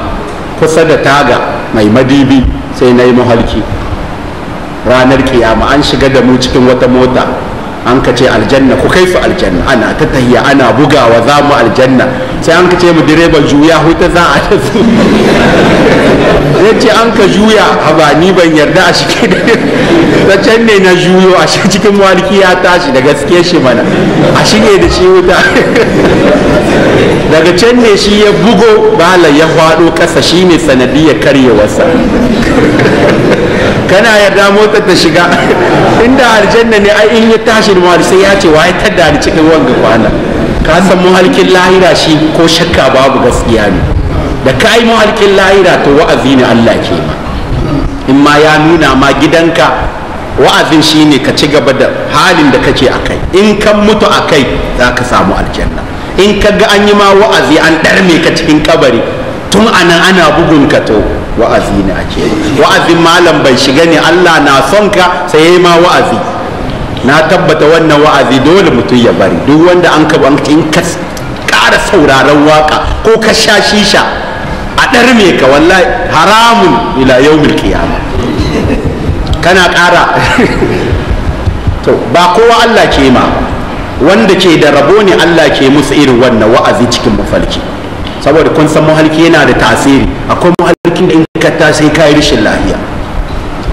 kusa da taga mai madibi sai na yi mahalki ranar kiyama an shiga da mu cikin wata mota an ka ce aljanna ku kai su aljanna ana ta tahiya ana bugawa za mu aljanna sai an ka ce mu direba juya huta za a ta su ya ce an ka juya haba ni ban yarda a shi ke da can ne na juyo a shi cikin walki ya tashi da gaske shi mana a shi ne da shi wuta daga can ne shi ya bugo bala ya faɗo ƙasa shine sanadiyar karyewarsa kana yarda mota ta shiga inda aljanna ne ai in ya tashi da sai ya ce waye tadda da cikin wanga kwana ka san halkin lahira shi ko shakka babu gaskiya ne da ka yi halkin lahira to wa'azi ne Allah ke ma in ma ya nuna ma gidanka wa'azin shi ne ka ci gaba da halin da kake a kai in kan mutu a kai za ka samu aljanna in ka ga an yi ma wa'azi an ɗarme ka cikin kabari tun anan ana bugun ka to wa'azi ne ake wa'azin malam bai shiga ne Allah na son ka sai ma wa'azi na tabbata wannan wa'azi dole mutum ya bari duk wanda an ka in ka ƙara sauraron waka ko ka sha shisha a ɗarme ka wallahi haramun ila yawmil qiyama kana ƙara to ba kowa Allah ke ma wanda ke da rabo ne Allah ke musu irin wannan wa'azi cikin mafarki saboda kun san mahalki yana da tasiri akwai mahalkin da in ka ta sai ka yi rashin lafiya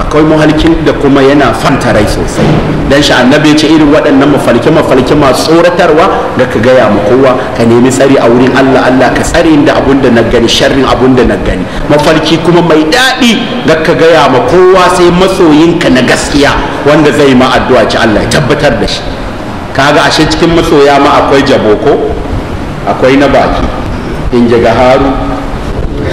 akwai mahalkin da kuma yana fanta rai sosai dan shi annabi ya ce irin waɗannan mafalke mafalke masu tsoratarwa da ka gaya mu kowa ka nemi tsari a wurin Allah Allah ka tsare da abun da na gani sharrin abun da na gani mafalki kuma mai daɗi da ka gaya ma kowa sai masoyinka na gaskiya wanda zai ma addu'a ci Allah ya tabbatar da shi kaga ashe cikin masoya ma akwai jaboko akwai na baki in ji gaharu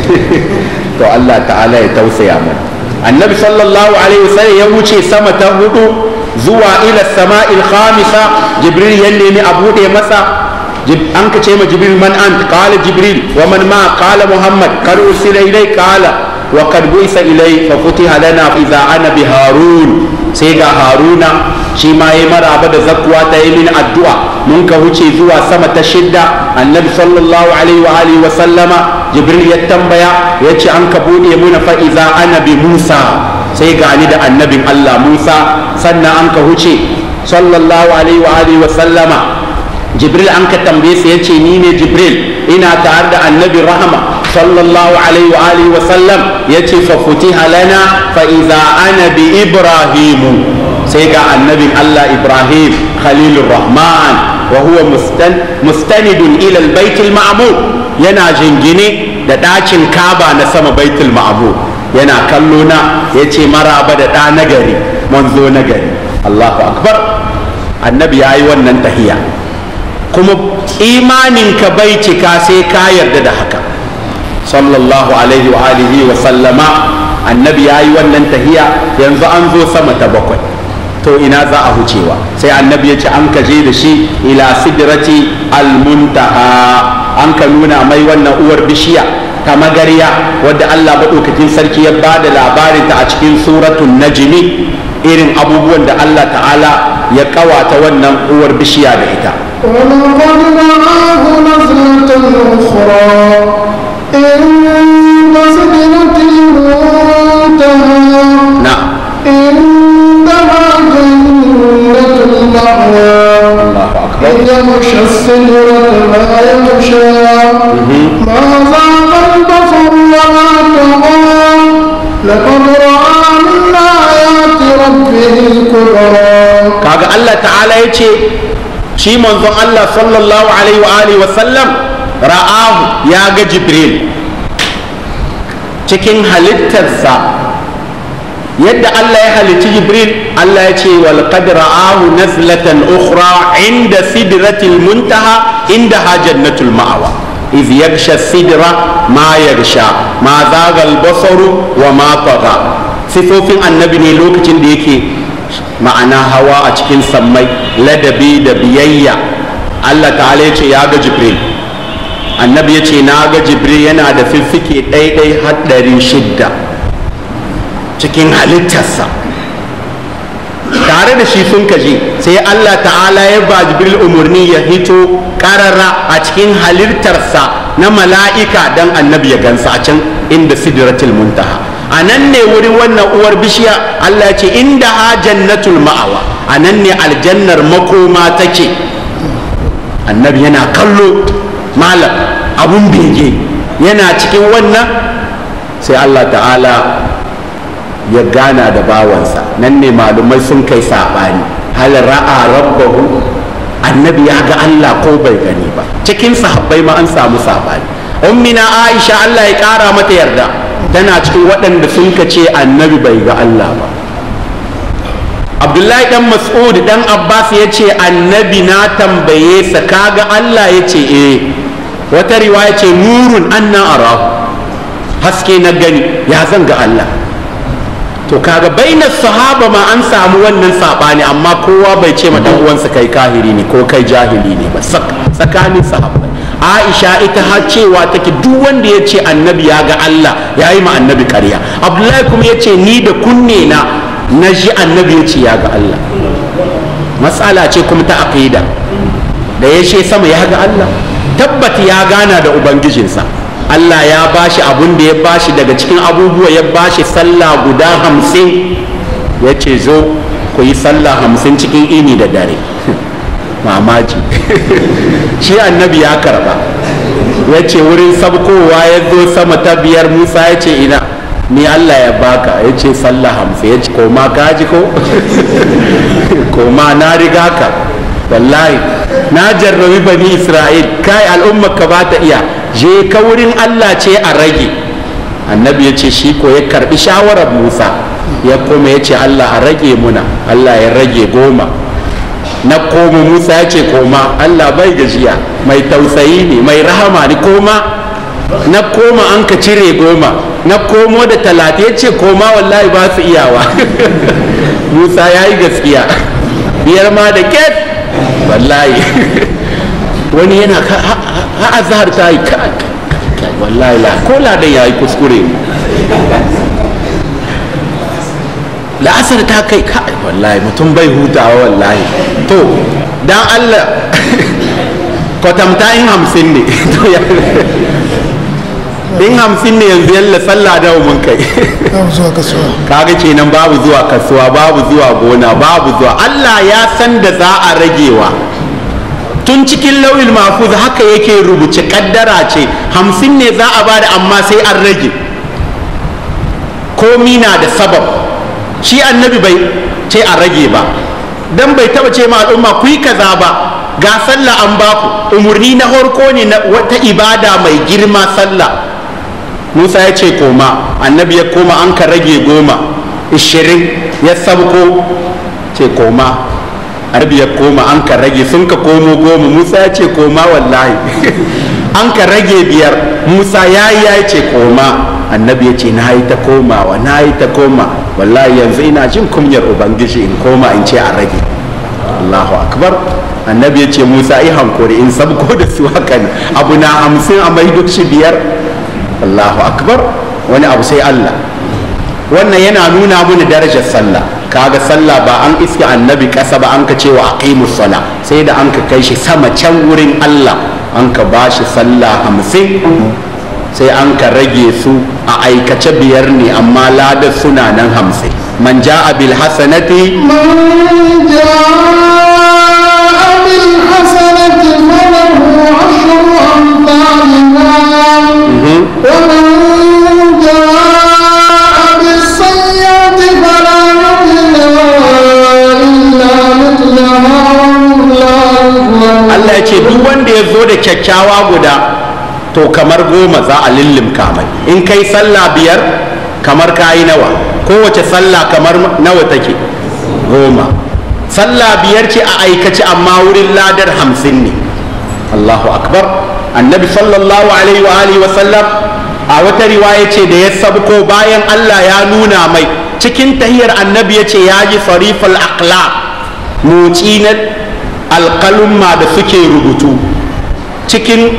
to Allah ta'ala ya tausaya mana annabi sallallahu alaihi wasallam ya wuce sama ta hudu zuwa ila sama'il khamisa jibril ya nemi a bude masa an ka ce ma jibril man an qala jibril wa man ma qala muhammad kar usila ilai qala wa kad buisa ilai fa futiha lana idza ana bi harun sai ga haruna shi ma yayi maraba da zakwa ta yi min addu'a mun ka wuce zuwa sama ta shidda annabi sallallahu alaihi wa alihi wa sallama jibril ya tambaya ya ce an ka buɗe muna fa'iza annabi musa sai gani da annabin allah musa sannan an ka huce sallallahu alaihi wa alihi wa sallama jibril an ka tambaye sa ya ce ni ne jibril ina tare da annabi rahama sallallahu alaihi wa alihi wa sallam ya ce fa futiha lana fa iza ana bi ibrahimu sai ga annabin allah ibrahim khalilur rahman wa huwa mustanidun ila baitul ma'mur yana jingine da ɗakin kaba na sama baitul ma'amu. yana kallo na yace maraba da ɗa nagari manzo nagari Allahu akbar annabi ya yi wannan tahiya kuma imaninka bai cika sai ka yarda da haka sallallahu alaihi wa alihi wa sallama annabi ya yi wannan tahiya yanzu an zo sama ta bakwai to ina za a hucewa sai annabi ya ce an je da shi ila sidrati almuntaha an ka nuna mai wannan uwar bishiya ta magariya wadda Allah maɗaukakin sarki ya ba da labarinta a cikin suratun najimi irin abubuwan da Allah ta'ala ya kawata wannan uwar bishiya da ita عند سدرة من يغشى السدرة ما يغشى ما ذاق البصر وما طغى لقد رأى من آيات ربه الكبرى كاغا الله تعالى يتي شي منظم الله صلى الله عليه وآله وسلم رآه يا جبريل cikin halittarsa yadda Allah ya halicci Jibril Allah ya ce wal qadra ahu nazlatan ukhra inda sidratil muntaha inda jannatul ma'awa iz yaksha sidra ma yaksha ma zagal basaru wa ma taga sifofin annabi ne lokacin da yake ma'ana hawa a cikin sammai ladabi da biyayya Allah ta'ala ya ce ya ga Jibril annabi ya ce na ga Jibril yana da fiffike ɗaiɗai har ɗari shidda cikin halittarsa tare da shi sun kaji sai Allah ta'ala ya ba jibril umarni ya hito karara a cikin halittarsa na mala'ika dan annabi ya gansa a can inda sidratul muntaha a nan ne wurin wannan uwar bishiya Allah ce inda ha jannatul ma'awa a nan ne aljannar makoma take annabi yana kallo malam abun bege yana cikin wannan sai Allah ta'ala ya gana da bawansa nan ne malumai sun kai saɓani hal ra'a rabbahu annabi ya ga Allah ko bai gani ba cikin sahabbai ma an samu saɓani ummina aisha Allah ya kara mata yarda tana cikin waɗanda sun ka ce annabi bai ga Allah ba abdullahi dan mas'ud dan abbas ya ce annabi na tambaye sa kaga Allah ya ce eh wata riwaya ce nurun anna arahu haske na gani ya zan ga Allah to kaga bainar sahaba ma an samu wannan sabani amma kowa bai ce ma ɗan uwansa kai kahiri ne ko kai jahili ne ba tsakanin sahaba aisha ita har cewa take duk wanda ya ce annabi ya ga Allah ya yi ma annabi karya abdullahi kuma ya ce ni da kunne na na ji annabi ya ce ya ga Allah matsala ce kuma ta aqida da ya ce sama ya ga Allah tabbata ya gana da ubangijinsa Allah ya bashi abun da ya bashi daga cikin abubuwa ya bashi sallah guda hamsin ya ce zo ku yi sallah hamsin cikin ini da dare mamaji shi annabi ya karba ya ce wurin sabkowa ya zo sama ta biyar musa ya ce ina ni allah ya baka ya ce sallah hamsin ya ce koma kaji ko koma na riga ka wallahi na jarrabi bani isra'il kai al'ummar ka ba ta iya je ka wurin Allah ce a rage annabi ya ce shi ko ya karbi shawarar Musa ya kuma ya ce Allah a rage muna Allah ya rage goma na koma Musa ya ce koma Allah bai gajiya mai tausayi ne mai rahama ne koma na koma an ka cire goma na komo da talata ya ce koma wallahi ba su iyawa Musa ya yi gaskiya biyar ma da ket wallahi wani yana ha'a zahar ta yi wallahi la ko ladan ya yi kuskure la'asar ta kai kai wallahi mutum bai hutawa wallahi to dan allah kwatamta in hamsin ne in hamsin ne yanzu yalla sallah da mun kai babu zuwa kasuwa kaga kenan babu zuwa kasuwa babu zuwa gona babu zuwa allah ya san da za a ragewa tun cikin lauyin mahfuz haka yake rubuce kaddara ce hamsin ne za a bada amma sai an rage komi na da sabab shi annabi bai ce a rage ba dan bai taba ce ma al'umma ku yi kaza ba ga sallah an baku umarni na harko ne na wata ibada mai girma sallah musa ya ce koma annabi ya koma an ka rage goma ishirin ya sabko ce koma arbi ya koma an ka rage sun ka komo goma musa ya ce koma wallahi an ka rage biyar musa ya yi ya ce koma annabi ya ce na yi ta komawa na yi ta koma wallahi yanzu ina jin kunyar ubangiji in koma in ce a rage allahu akbar annabi ya ce musa yi hankuri in sabko da su haka ne abu na hamsin a mai duk shi biyar allahu akbar wani abu sai allah wannan yana nuna mana darajar sallah kaga sallah ba an iska annabi kasa ba an ka ce wa aqimus sala sai da an ka kai shi sama can wurin Allah an ka bashi sallah 50 sai an ka rage su a aikace biyar ne amma ladar suna nan 50 man ja'a bil hasanati man ja'a bil Allah ya ce duk wanda ya zo da kyakkyawa guda to kamar goma za a lillimka mai in kai sallah biyar kamar yi nawa kowace sallah kamar nawa take goma sallah biyar ce a aikace amma wurin ladar hamsin ne Allahu akbar annabi sallallahu alaihi wa alihi wa sallam a wata riwaya ce da ya sabko bayan Allah ya nuna mai cikin tahiyar annabi ya ce ya ji farifal aqla motsi na alƙalumma da suke rubutu cikin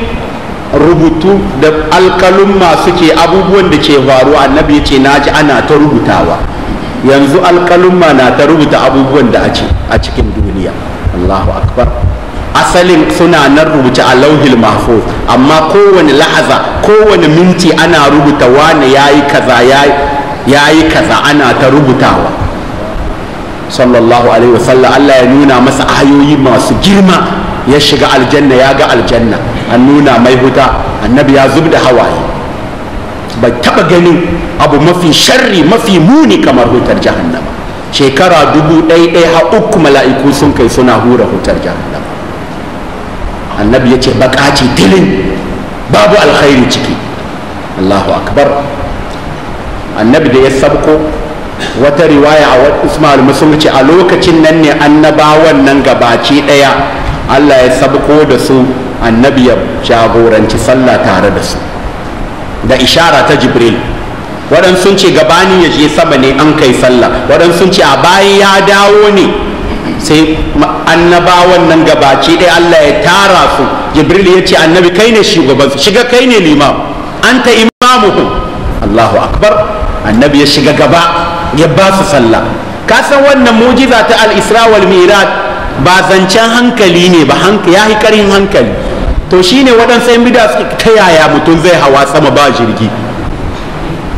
rubutu da alƙalumma suke abubuwan da ke faruwa annabi ya ce na ji ana ta rubutawa yanzu alƙalumma na ta rubuta abubuwan da ake a cikin duniya allahu akbar asalin suna nan rubuta a lauhil mafo amma kowane la'aza kowane minti ana rubuta wane ya kaza kaza ana ta rubutawa sallallahu alaihi wasallam Allah ya nuna masa ayoyi masu girma ya shiga aljanna ya ga aljanna an nuna mai huta annabi ya zub da hawaye bai taba ganin abu mafi sharri mafi muni kamar hutar jahannama shekara dubu ɗaya ɗaya ha uku mala'iku sun kai suna hura hutar jahannama annabi ya ce baka ce tilin babu alkhairi ciki allahu akbar annabi da ya sabko wata riwaya a wata ismail musulmi ce a lokacin nan ne annabawan nan gabaci ɗaya allah ya sabko da su annabi ya jagoranci sallah tare da su da ishara ta jibril waɗansu ce gabani ya je sama ne an kai sallah waɗansu ce a bayan ya dawo ne sai annabawan nan gabaci ɗaya allah ya tara su jibril ya ce annabi kai ne shugabansu shiga kai ne limam anta imamuhum allahu akbar annabi ya shiga gaba ya ba su sallah ka san wannan mujiza ta al-isra wal mi'raj ba zancen hankali ne ba ya yi karin hankali to shine wadan sai bida suke ta yaya mutum zai hawa sama ba jirgi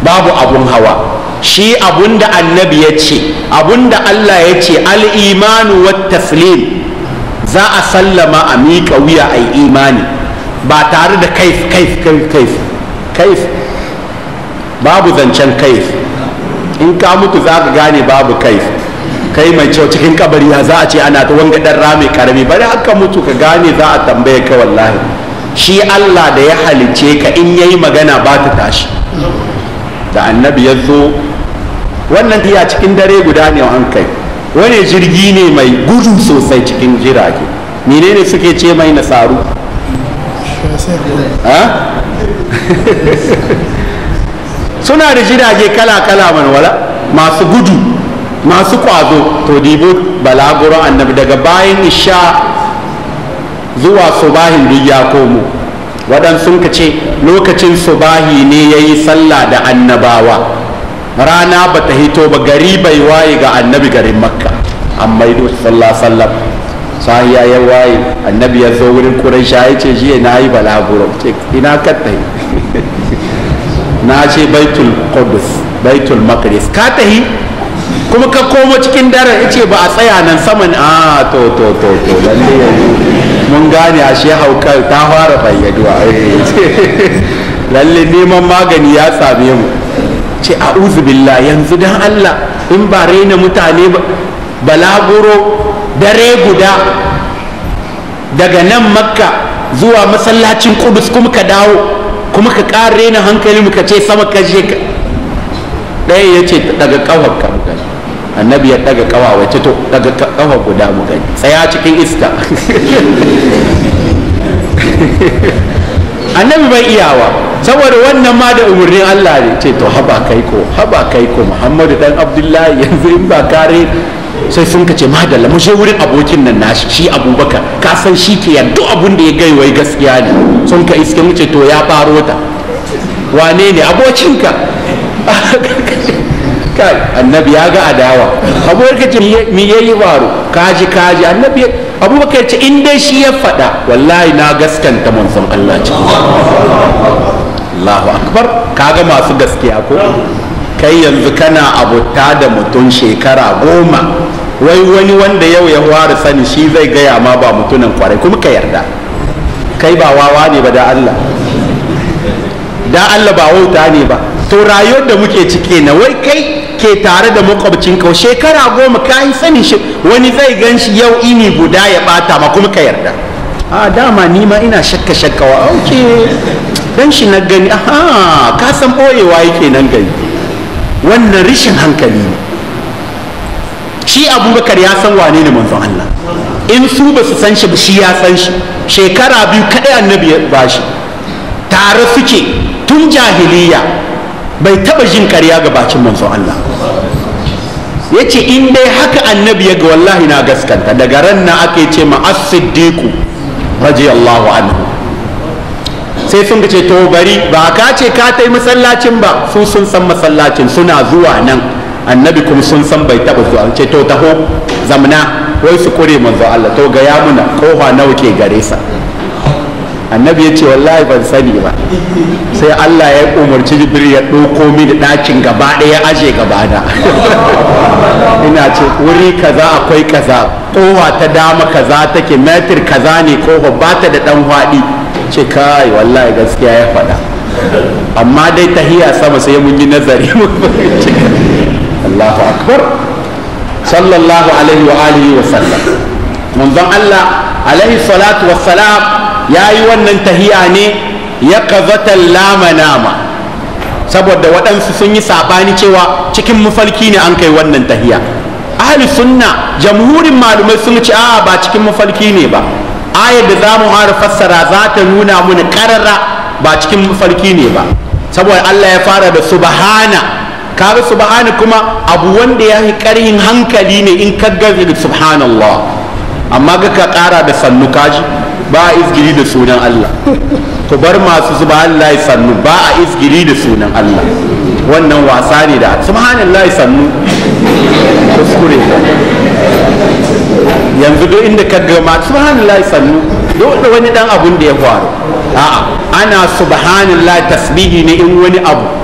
babu abun hawa shi abun da annabi ya ce abun da Allah ya ce al-imanu wat taslim za a sallama a miƙa wuya a yi imani ba tare da kaif kaif kaif kaif babu zancen kaif in ka mutu za ka gane babu kai kai mai kyau cikin kabari ya za a ce ana ta wanga dan rami karami bari haka mutu ka gane za a tambaye ka wallahi shi Allah da ya halice ka in yayi magana ba ta tashi da annabi ya zo wannan tiya cikin dare guda ne an kai wani jirgi ne mai gudu sosai cikin jirage menene suke ce mai nasaru suna da jirage kala-kala manwala masu gudu masu kwazo to dibu balaguro annabi daga bayan isha zuwa subahin duk ya komo waɗansu ka ce lokacin subahi ne ya yi sallah da annabawa rana ba ta hito ba gari bai waye ga annabi garin makka amma idu sallah sallah sahiya ya waye annabi ya zo wurin kurai sha ya ce jiya na yi balaguro ina kattai na ce baitul qudus baitul maqdis ka tahi kuma ka komo cikin ya ce ba a tsaya nan saman a ah, to to to to lalle mun gane ashe haukar ta fara fayyaduwa lalle neman magani ya same mu ce a billa yanzu don Allah in ba raina mutane balaguro dare guda daga nan makka zuwa masallacin kudus kuma ka dawo kuma ka ƙare na hankali muka ce sama ka je ka ɗaya ya ce daga ƙawar ka muka annabi ya daga ƙawa wace to daga ƙawa guda muka tsaya cikin iska annabi bai iyawa saboda wannan ma da umarnin Allah ne ce to haba kai ko haba kai ko Muhammadu dan Abdullahi yanzu in ba kare sai sun ka ce madalla mu je wurin abokin nan nashi shi abubakar ka san shi ke yadda abun da ya gai wai gaskiya ne sun ka iske mu ce to ya faro ta wane ne abokinka kai annabi ya ga adawa abubakar ce mi yayi faro kaji kaji annabi abubakar ce in dai shi ya faɗa wallahi na gaskanta manzon Allah ce Allahu akbar kaga masu gaskiya ko kai yanzu kana abuta da mutum shekara goma wai wani wanda yau ya fara sani shi zai gaya ma ba mutunan kwarai kuma ka yarda kai ba wawa ne ba da Allah da Allah ba wauta ne ba to rayuwar da muke cike na wai kai ke tare da makwabcinka shekara goma yi sani shi wani zai gan shi yau ini guda ya bata ma kuma ka yarda a dama ni ma ina shakka shakka wa ok dan shi na gani aha ka san boyewa yake nan gani wannan rishin hankali ne shi abubakar ya san wane ne manzon Allah in su ba su san shi ba shi ya san shi shekara biyu kaɗai annabi ya ba shi tare suke tun jahiliya bai taɓa jin ƙarya ga bakin manzon Allah ya ce in dai haka annabi ya ga wallahi na gaskanta daga ran na ake ce ma as-siddiqu radiyallahu anhu sai sun ce to bari ba ka ce ka tai masallacin ba su sun san masallacin suna zuwa nan annabi kuma sun san bai taɓa zuwa ce to taho zamna wai su kure manzo Allah to ga ya muna kofa nawa ke gare sa annabi ya ce wallahi ban sani ba sai Allah ya umarci jibril ya ɗauko mini ɗakin gaba ɗaya aje gaba na ina ce wuri kaza akwai kaza kowa ta dama kaza take metir kaza ne kofa ba ta da ɗan faɗi ce kai wallahi gaskiya ya faɗa amma dai tahiya sama sai mun yi nazari Allahu akbar sallallahu alaihi wa wa sallam manzon Allah alaihi salatu wa salam yayi wannan tahiya ne ya qazatan lama nama saboda waɗansu sun yi sabani cewa cikin falki ne an kai wannan tahiya ahli sunna jamhurin malumai sun ce a ba cikin mafalki ne ba ayar da za mu fara fassara za ta nuna mun karara ba cikin falki ne ba saboda Allah ya fara da subhana kaga subhana kuma abu wanda ya yi karhin hankali ne in ka gaza subhanallah amma ga ka kara da sannu kaji ba a izgiri da sunan Allah ku bar masu subhanallah sannu ba a izgiri da sunan Allah wannan wasa ne da subhanallah sannu kuskure yanzu duk inda ka gama subhanallah sannu duk wani dan abun da ya faru a'a ana subhanallah tasbihi ne in wani abu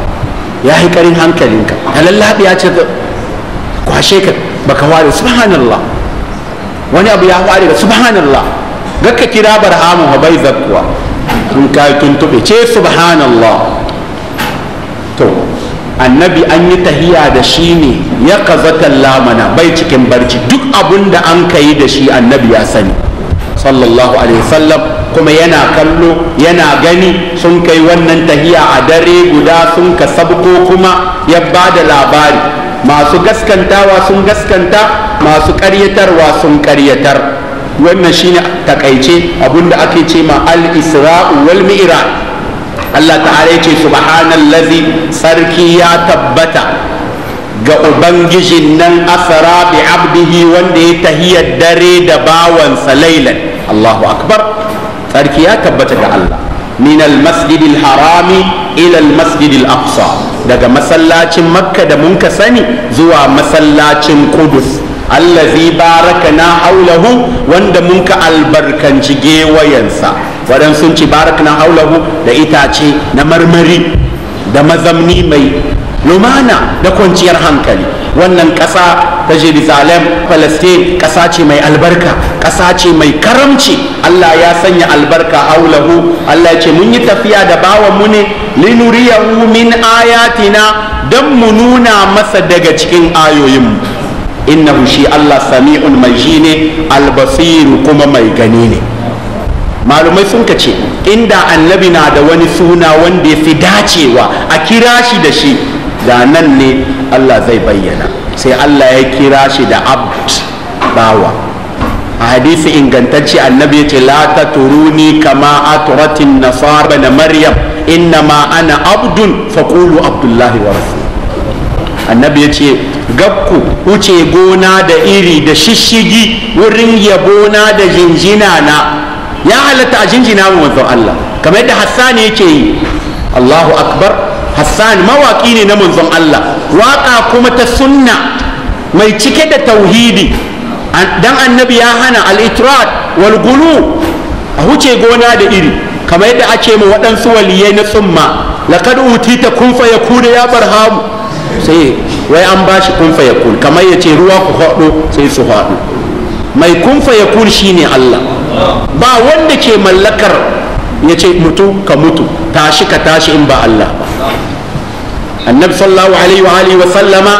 ya yi karin hankalinka a lallaɓi ya ce kwashe ka baka ware subhanallah wani abu ya ware da subhanallah ga ka kira barhamu ha bai zakkuwa in ka tuntube ce subhanallah to annabi an yi tahiya da shi ne ya kazatan lamana bai cikin barci duk abun da an ka yi da shi annabi ya sani sallallahu alaihi wasallam kuma yana kallo yana gani sun kai wannan tahiya a dare guda sun ka sabko kuma ya ba da labari masu gaskantawa sun gaskanta masu ƙaryatarwa sun ƙaryatar wannan shine takaice abinda ake ce ma al-isra'u wal mi'raj Allah ta'ala ya ce subhanallazi sarki ya tabbata ga ubangijin nan asara bi abdihi wanda ya tahiyar dare da bawansa Laylan, Allahu akbar tsarki ya tabbata ga Allah min al-masjidil harami ila al-masjidil aqsa daga masallacin makka da mun ka sani zuwa masallacin kudus allazi barakana haulahu wanda mun ka albarkanci gewayensa wadan sun ci barakana haulahu da itace na marmari da mazamni mai lumana da kwanciyar hankali wannan ƙasa ta jerusalem palestine ƙasa ce mai albarka ƙasa ce mai karamci allah ya sanya albarka haulahu allah ya ce mun yi tafiya da bawan mu ne linuriyahu min ayatina don mu nuna masa daga cikin ayoyinmu innahu shi allah sami'un mai ji ne albasiru kuma mai gani ne malumai sun ka ce inda annabi na da wani suna wanda ya fi dacewa a kira shi da shi da nan ne allah zai bayyana sai Allah ya kira shi da abd bawa a hadisi ingantacce annabi ya ce la ta turuni kama turatin nasara na maryam ma ana abdun faƙulu abdullahi wa rasu annabi ya ce gabku wuce gona da iri da shishigi wurin yabona da jinjina na ya halatta a jinjina mu manzon Allah kamar yadda Hassan yake yi Allahu akbar Hassan mawaki ne na manzon Allah waƙa kuma ta sunna mai cike da tauhidi dan annabi ya hana al walgulu wal gulu a huce gona da iri kamar yadda ake ma waɗansu waliyai na tsumma laqad utita kun fa ya barhamu sai wai an bashi kun yakun kamar yace ruwa ku haɗo sai su haɗu mai kun yakun shine Allah ba wanda ke mallakar yace mutu ka mutu tashi ka tashi in ba Allah annabi sallallahu alaihi wa alihi wa sallama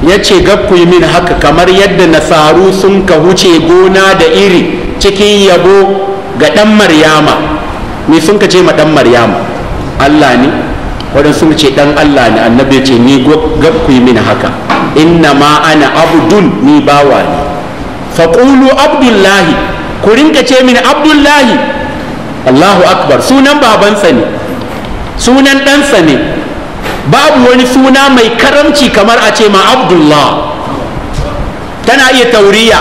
ya ce gabku yi min haka kamar yadda nasaru sun ka huce gona da iri cikin yabo ga ɗan maryama me sun ka ce ma ɗan maryama allah ne waɗansu sun ce ɗan allah ne annabi ya ce ni gabku yi min haka inna ma ana abdun ni bawa ne Fa qulu abdullahi ku rinka ce min abdullahi allahu akbar sunan babansa ne sunan dansa ne babu wani suna mai karamci kamar a ce ma abdullah tana iya tauriya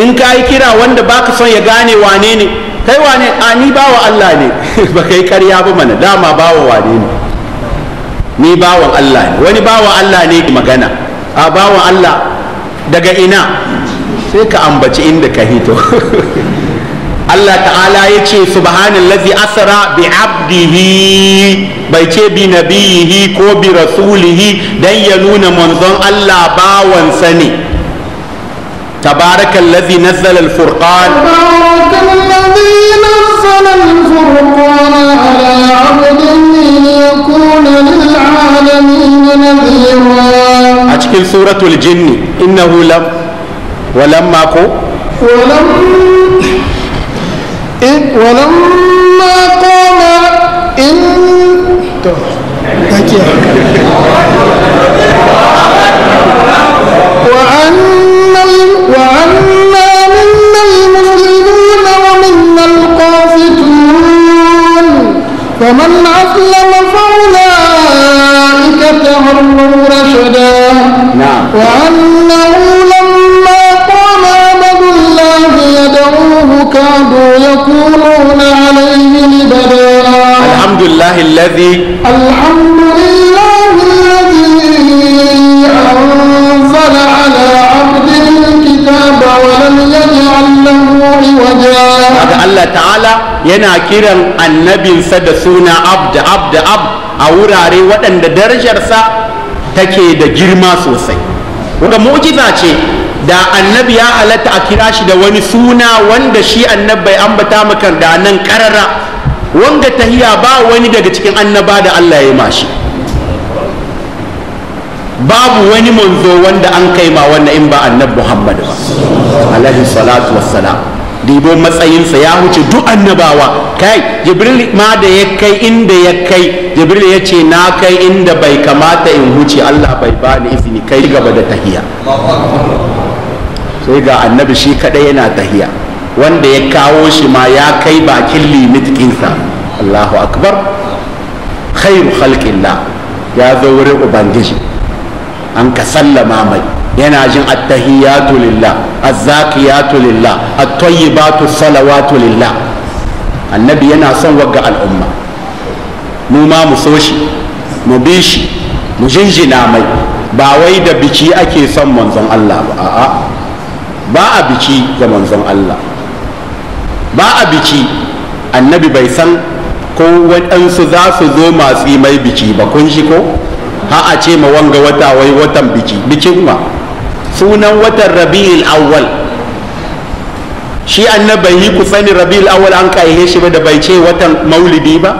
in ka yi kira wanda ba ka son ya gane wane ne kai wane a ni bawa allah ne ba kai karya ba mana dama bawa wane ne ni bawan allah ne wani bawan allah ne magana a bawan allah daga ina sai ka ambaci inda ka hito الله تعالى يقول سبحان الذي أسرى بعبده بيتي بنبيه كو برسوله دن ينون منظن الله باوان سني تبارك الذي نزل الفرقان تبارك الذي نزل الفرقان على عبد يكون للعالمين نذيرا أشكل سورة الجن إنه لم ولما كو ولم إذ ولما قام إن وأنا وأنا منا المسلمون ومنا القاسطون فمن أسلم فأولئك تهروا رشدا نعم. وأنه لما قام عبد الله يدعوه كادوا الذي الحمد لله الذي أنزل على عبده الكتاب ولم يجعل له عوجا الله تعالى yana kiran annabinsa da suna Ab da Ab da Ab a wurare waɗanda darajarsa take da girma sosai wanda mu'jiza ce da annabi ya halatta a kira shi da wani suna wanda shi annabi bai ambata maka da nan karara wanda tahiya ba wani daga cikin annaba da Allah ya yi mashi babu wani manzo wanda an kai ma wannan in ba annab Muhammad ba alaihi salatu wassalam dibo matsayinsa ya huce duk annabawa kai jibril ma da ya kai inda ya kai jibril ya ce na kai inda bai kamata in huce Allah bai bani izini kai gaba da tahiya sai ga annabi shi kadai yana tahiya wanda ya kawo shi ma ya kai bakin limit Allahu akbar khairu khalqillah ya zo wurin ubangiji an ka sallama mai yana jin attahiyatu lillah azzaqiyatu lillah at-tayyibatu salawatu lillah annabi yana son wagga al'umma mu ma mu so shi mu bi shi mu jinjina mai ba wai da biki ake son manzon Allah ba a'a ba a biki ga manzon Allah ba a biki annabi bai san ko waɗansu za su zo masu yi mai biki ba kun shi ko ha a ce ma wanga wata wai watan biki bikin ma? sunan watan rabi'il awwal shi annabi yi ku sani rabi'il awwal an kaihe shi ba da bai ce watan maulidi ba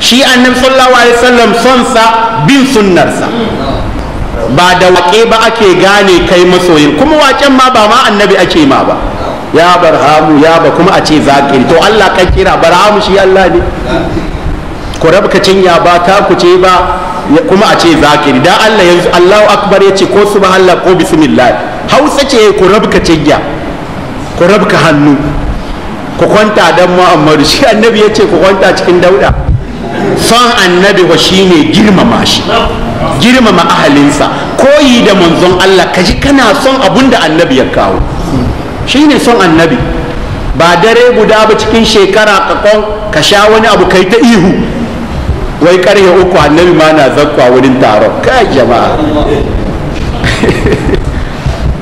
shi annabi sallallahu alaihi wasallam son sa bin sunnarsa ba da waƙe ba ake gane kai masoyin kuma waƙen ma ba ma annabi ake ma ba ya barhamu ya ba kuma a ce zakir to Allah kan kira barhamu shi Allah ne ku rabka cinya ba ta ku ce ba kuma a ce zakir Da Allah yanzu Allahu akbar ce ko su allah ko bismillah hausa ce ku rabka cinya ku rabka hannu ku kwanta dan ma'amar shi annabi ya ce ku kwanta cikin dauda son annabi wa shine girmama shi girmama ahalinsa koyi da manzon Allah kaji kana son abun da annabi ya kawo shine son annabi ba dare guda ba cikin shekara kakon ka sha wani abu kai ta ihu wai karya uku annabi ma na zakwa wurin taron kai jama'a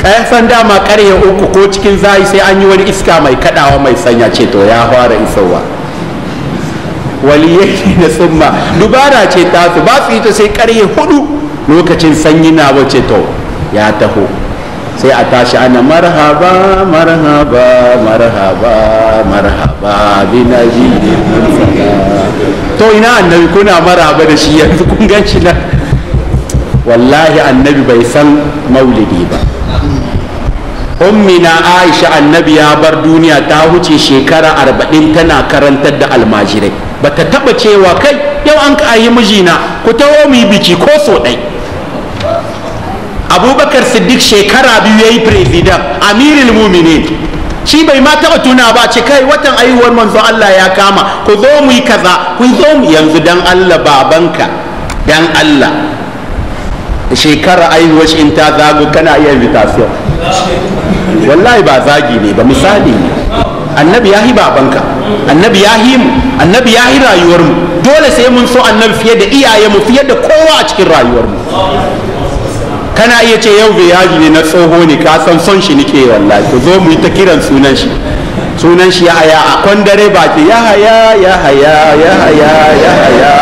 kayan san dama karya uku ko cikin zai sai an yi wani iska mai kadawa mai sanya ce to ya fara isowa waliyai na summa dubara ce tasu ba su yi ta sai karya hudu lokacin sanyi na wace to ya taho sai a tashi ana marhaba marhaba marhaba marhaba na ji to ina annabi kuna marhaba da shi yanzu kun gan shi wallahi annabi bai san maulidi ba ummina aisha annabi ya bar duniya ta huce shekara arba'in tana karantar da almajirai Ba ta taba cewa kai yau an ka ayi mijina ku taho mu yi biki ko so ɗai abubakar siddiq shekara biyu ya yi president amirul muminin shi bai ma taɓa tuna ba ce kai watan aihuwar manzo Allah ya kama ku zo mu yi kaza ku zo mu yanzu dan Allah babanka dan Allah shekara aihuwar shi ta zago kana iya invitation wallahi ba zagi ne ba misali ne annabi ya hi babanka annabi ya hi mu annabi ya hi rayuwar mu dole sai mun so annabi fiye da iyaye mu fiye da kowa a cikin rayuwar mu kana iya ce yau biyaji ne na tsoho ne ka san son shi nike wallahi to zo mu yi ta kiran sunan shi sunan shi ya haya a kwandare ke ya haya ya haya ya haya ya haya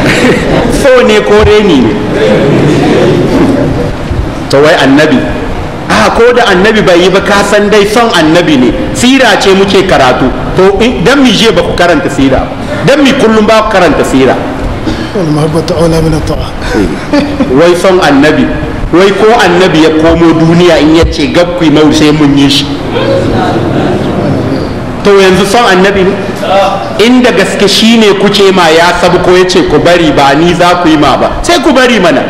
so ne ko reni ne to wai annabi a ah, ko da annabi bai yi ba ka san dai son annabi ne sira ce muke karatu to dan mi je ba ku karanta sira dan mi kullum ba ku karanta sira eh, wai son annabi wai ko annabi ya komo duniya in ya ce gab ku sai mun yi shi to yanzu son annabi ne inda gaske shi shine kuke ma ya sabu ko ya ce ku bari ba ni za ku yi ma ba sai ku bari mana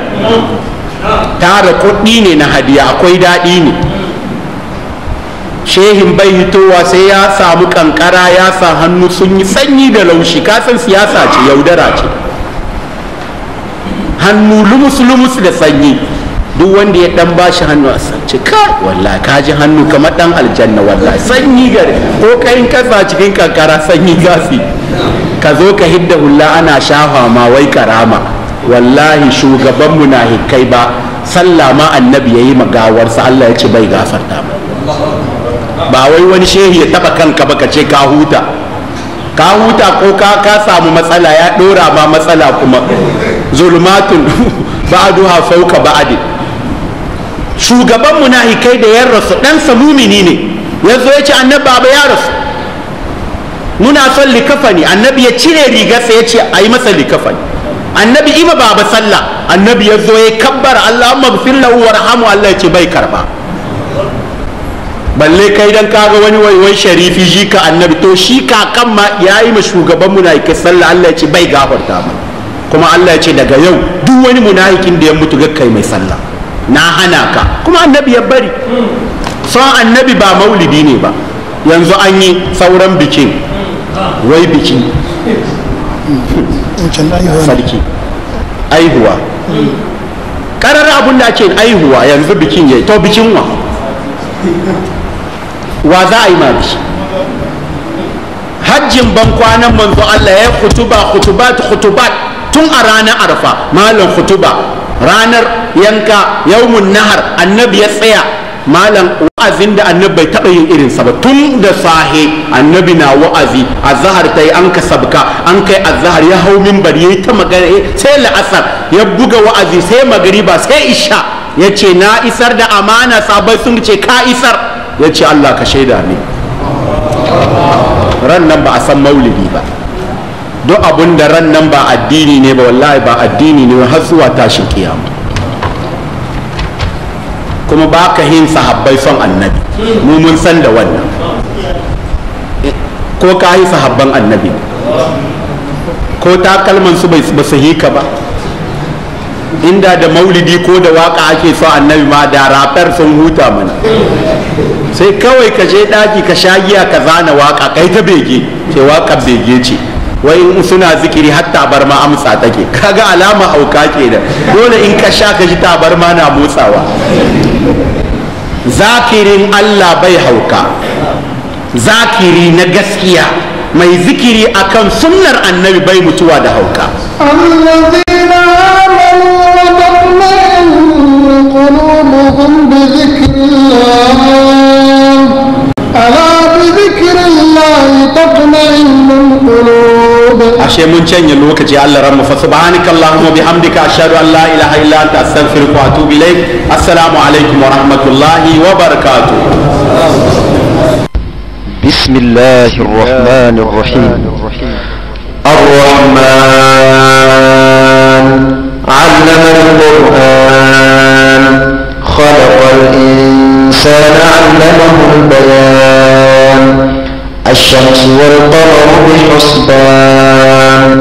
tara kuɗi ne na hadiya akwai daɗi ne shehin bai hitowa sai ya samu kankara ya sa hannu sun yi sanyi da laushi kasan siyasa ce yaudara ce hannu lumus lumus da sanyi duk wanda ya dan bashi hannu a sace ka walla ka ji hannu kamar dan aljanna walla sanyi gare ko kayin kasa cikin kankara sanyi gasi ka zo ka hidda hulla ana shafa ma wai karama wallahi shugaban munahikai ba sallah ma annabi yayi sa Allah ya ce bai gafarta ba wai wani shehi ya taba kanka ba ka ce ka huta ka huta ko ka ka samu matsala ya dora ma matsala kuma zulmatun ba'duha fawqa ba'din shugaban munafikai da ya rasu ɗansa mumini ne ya zo ya ce annabi baba ya rasu muna son likafani annabi ya cire rigarsa ya ce a yi masa likafani annabi ima baba sallah annabi ya zo ya kabbara Allah amma bufin la'uwar hamu Allah ya ce bai karba balle kai dan kaga wani waiwai sharifi shi ka annabi to shi kakan ma ya yi ma shugaban munafikai sallah Allah ya ce bai gafarta ba kuma Allah ya ce daga yau duk wani munafikin da ya mutu ga kai mai sallah na hana ka kuma annabi ya bari sauran annabi ba maulidi ne ba yanzu an yi sauran bikin wai biki sarki aihuwa karar abin da ake aihuwa yanzu bikin yi to bikin wa wa za a yi ma biki hajjin ban kwanan manzo Allah ya kutuba kutubat kutubat tun a ranar arfa malam kutuba ranar yanka yawmun nahar annabi ya tsaya malam wa'azin da annabi bai taɓa yin irin ba tun da sahe annabi na wa'azi azhar ta yi an ka sabka an kai azhar ya hau mimbar ya ta magana sai la'asar ya buga wa'azi sai magariba sai isha ya ce na isar da amana sabai sun ce ka isar ya ce allah ka shaida ne ran nan ba a san maulidi ba Don abun da ran nan ba addini ne ba wallahi ba addini ne har zuwa tashin kiyama kuma ba ka hin sahabbai son annabi mu mun san da wannan ko ka yi sahabban annabi ko takalman su bai su ka ba inda da maulidi ko da waka ake so annabi ma da rafar sun huta mana sai kawai ka je daki ka sha giya ka zana waka kai ta bege ce waka bege ce wai in suna zikiri har tabarma amsa take kaga alama hauka ke da dole in ka sha ka ji tabarma na motsawa zakirin Allah bai hauka zakiri na gaskiya mai zikiri akan sunnar annabi bai mutuwa da hauka قلوبهم بذكر الله ashe mun canye lokaci Allah ranmu fa subhanaka allahumma bihamdika ashhadu an la ilaha illa anta astaghfiruka wa atubu ilaik assalamu alaikum wa rahmatullahi wa barakatuh بسم الله الرحمن الرحيم الرحمن علم القرآن خلق الإنسان علمه البيان الشمس والقمر بحسبان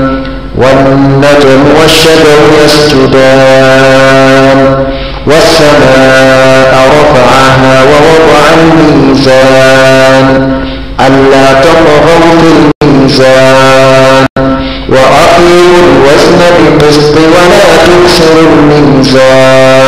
والنجم والشجر يسجدان والسماء رفعها ووضع الميزان ألا تطغوا في الميزان وأقيموا الوزن بالقسط ولا تكسروا الميزان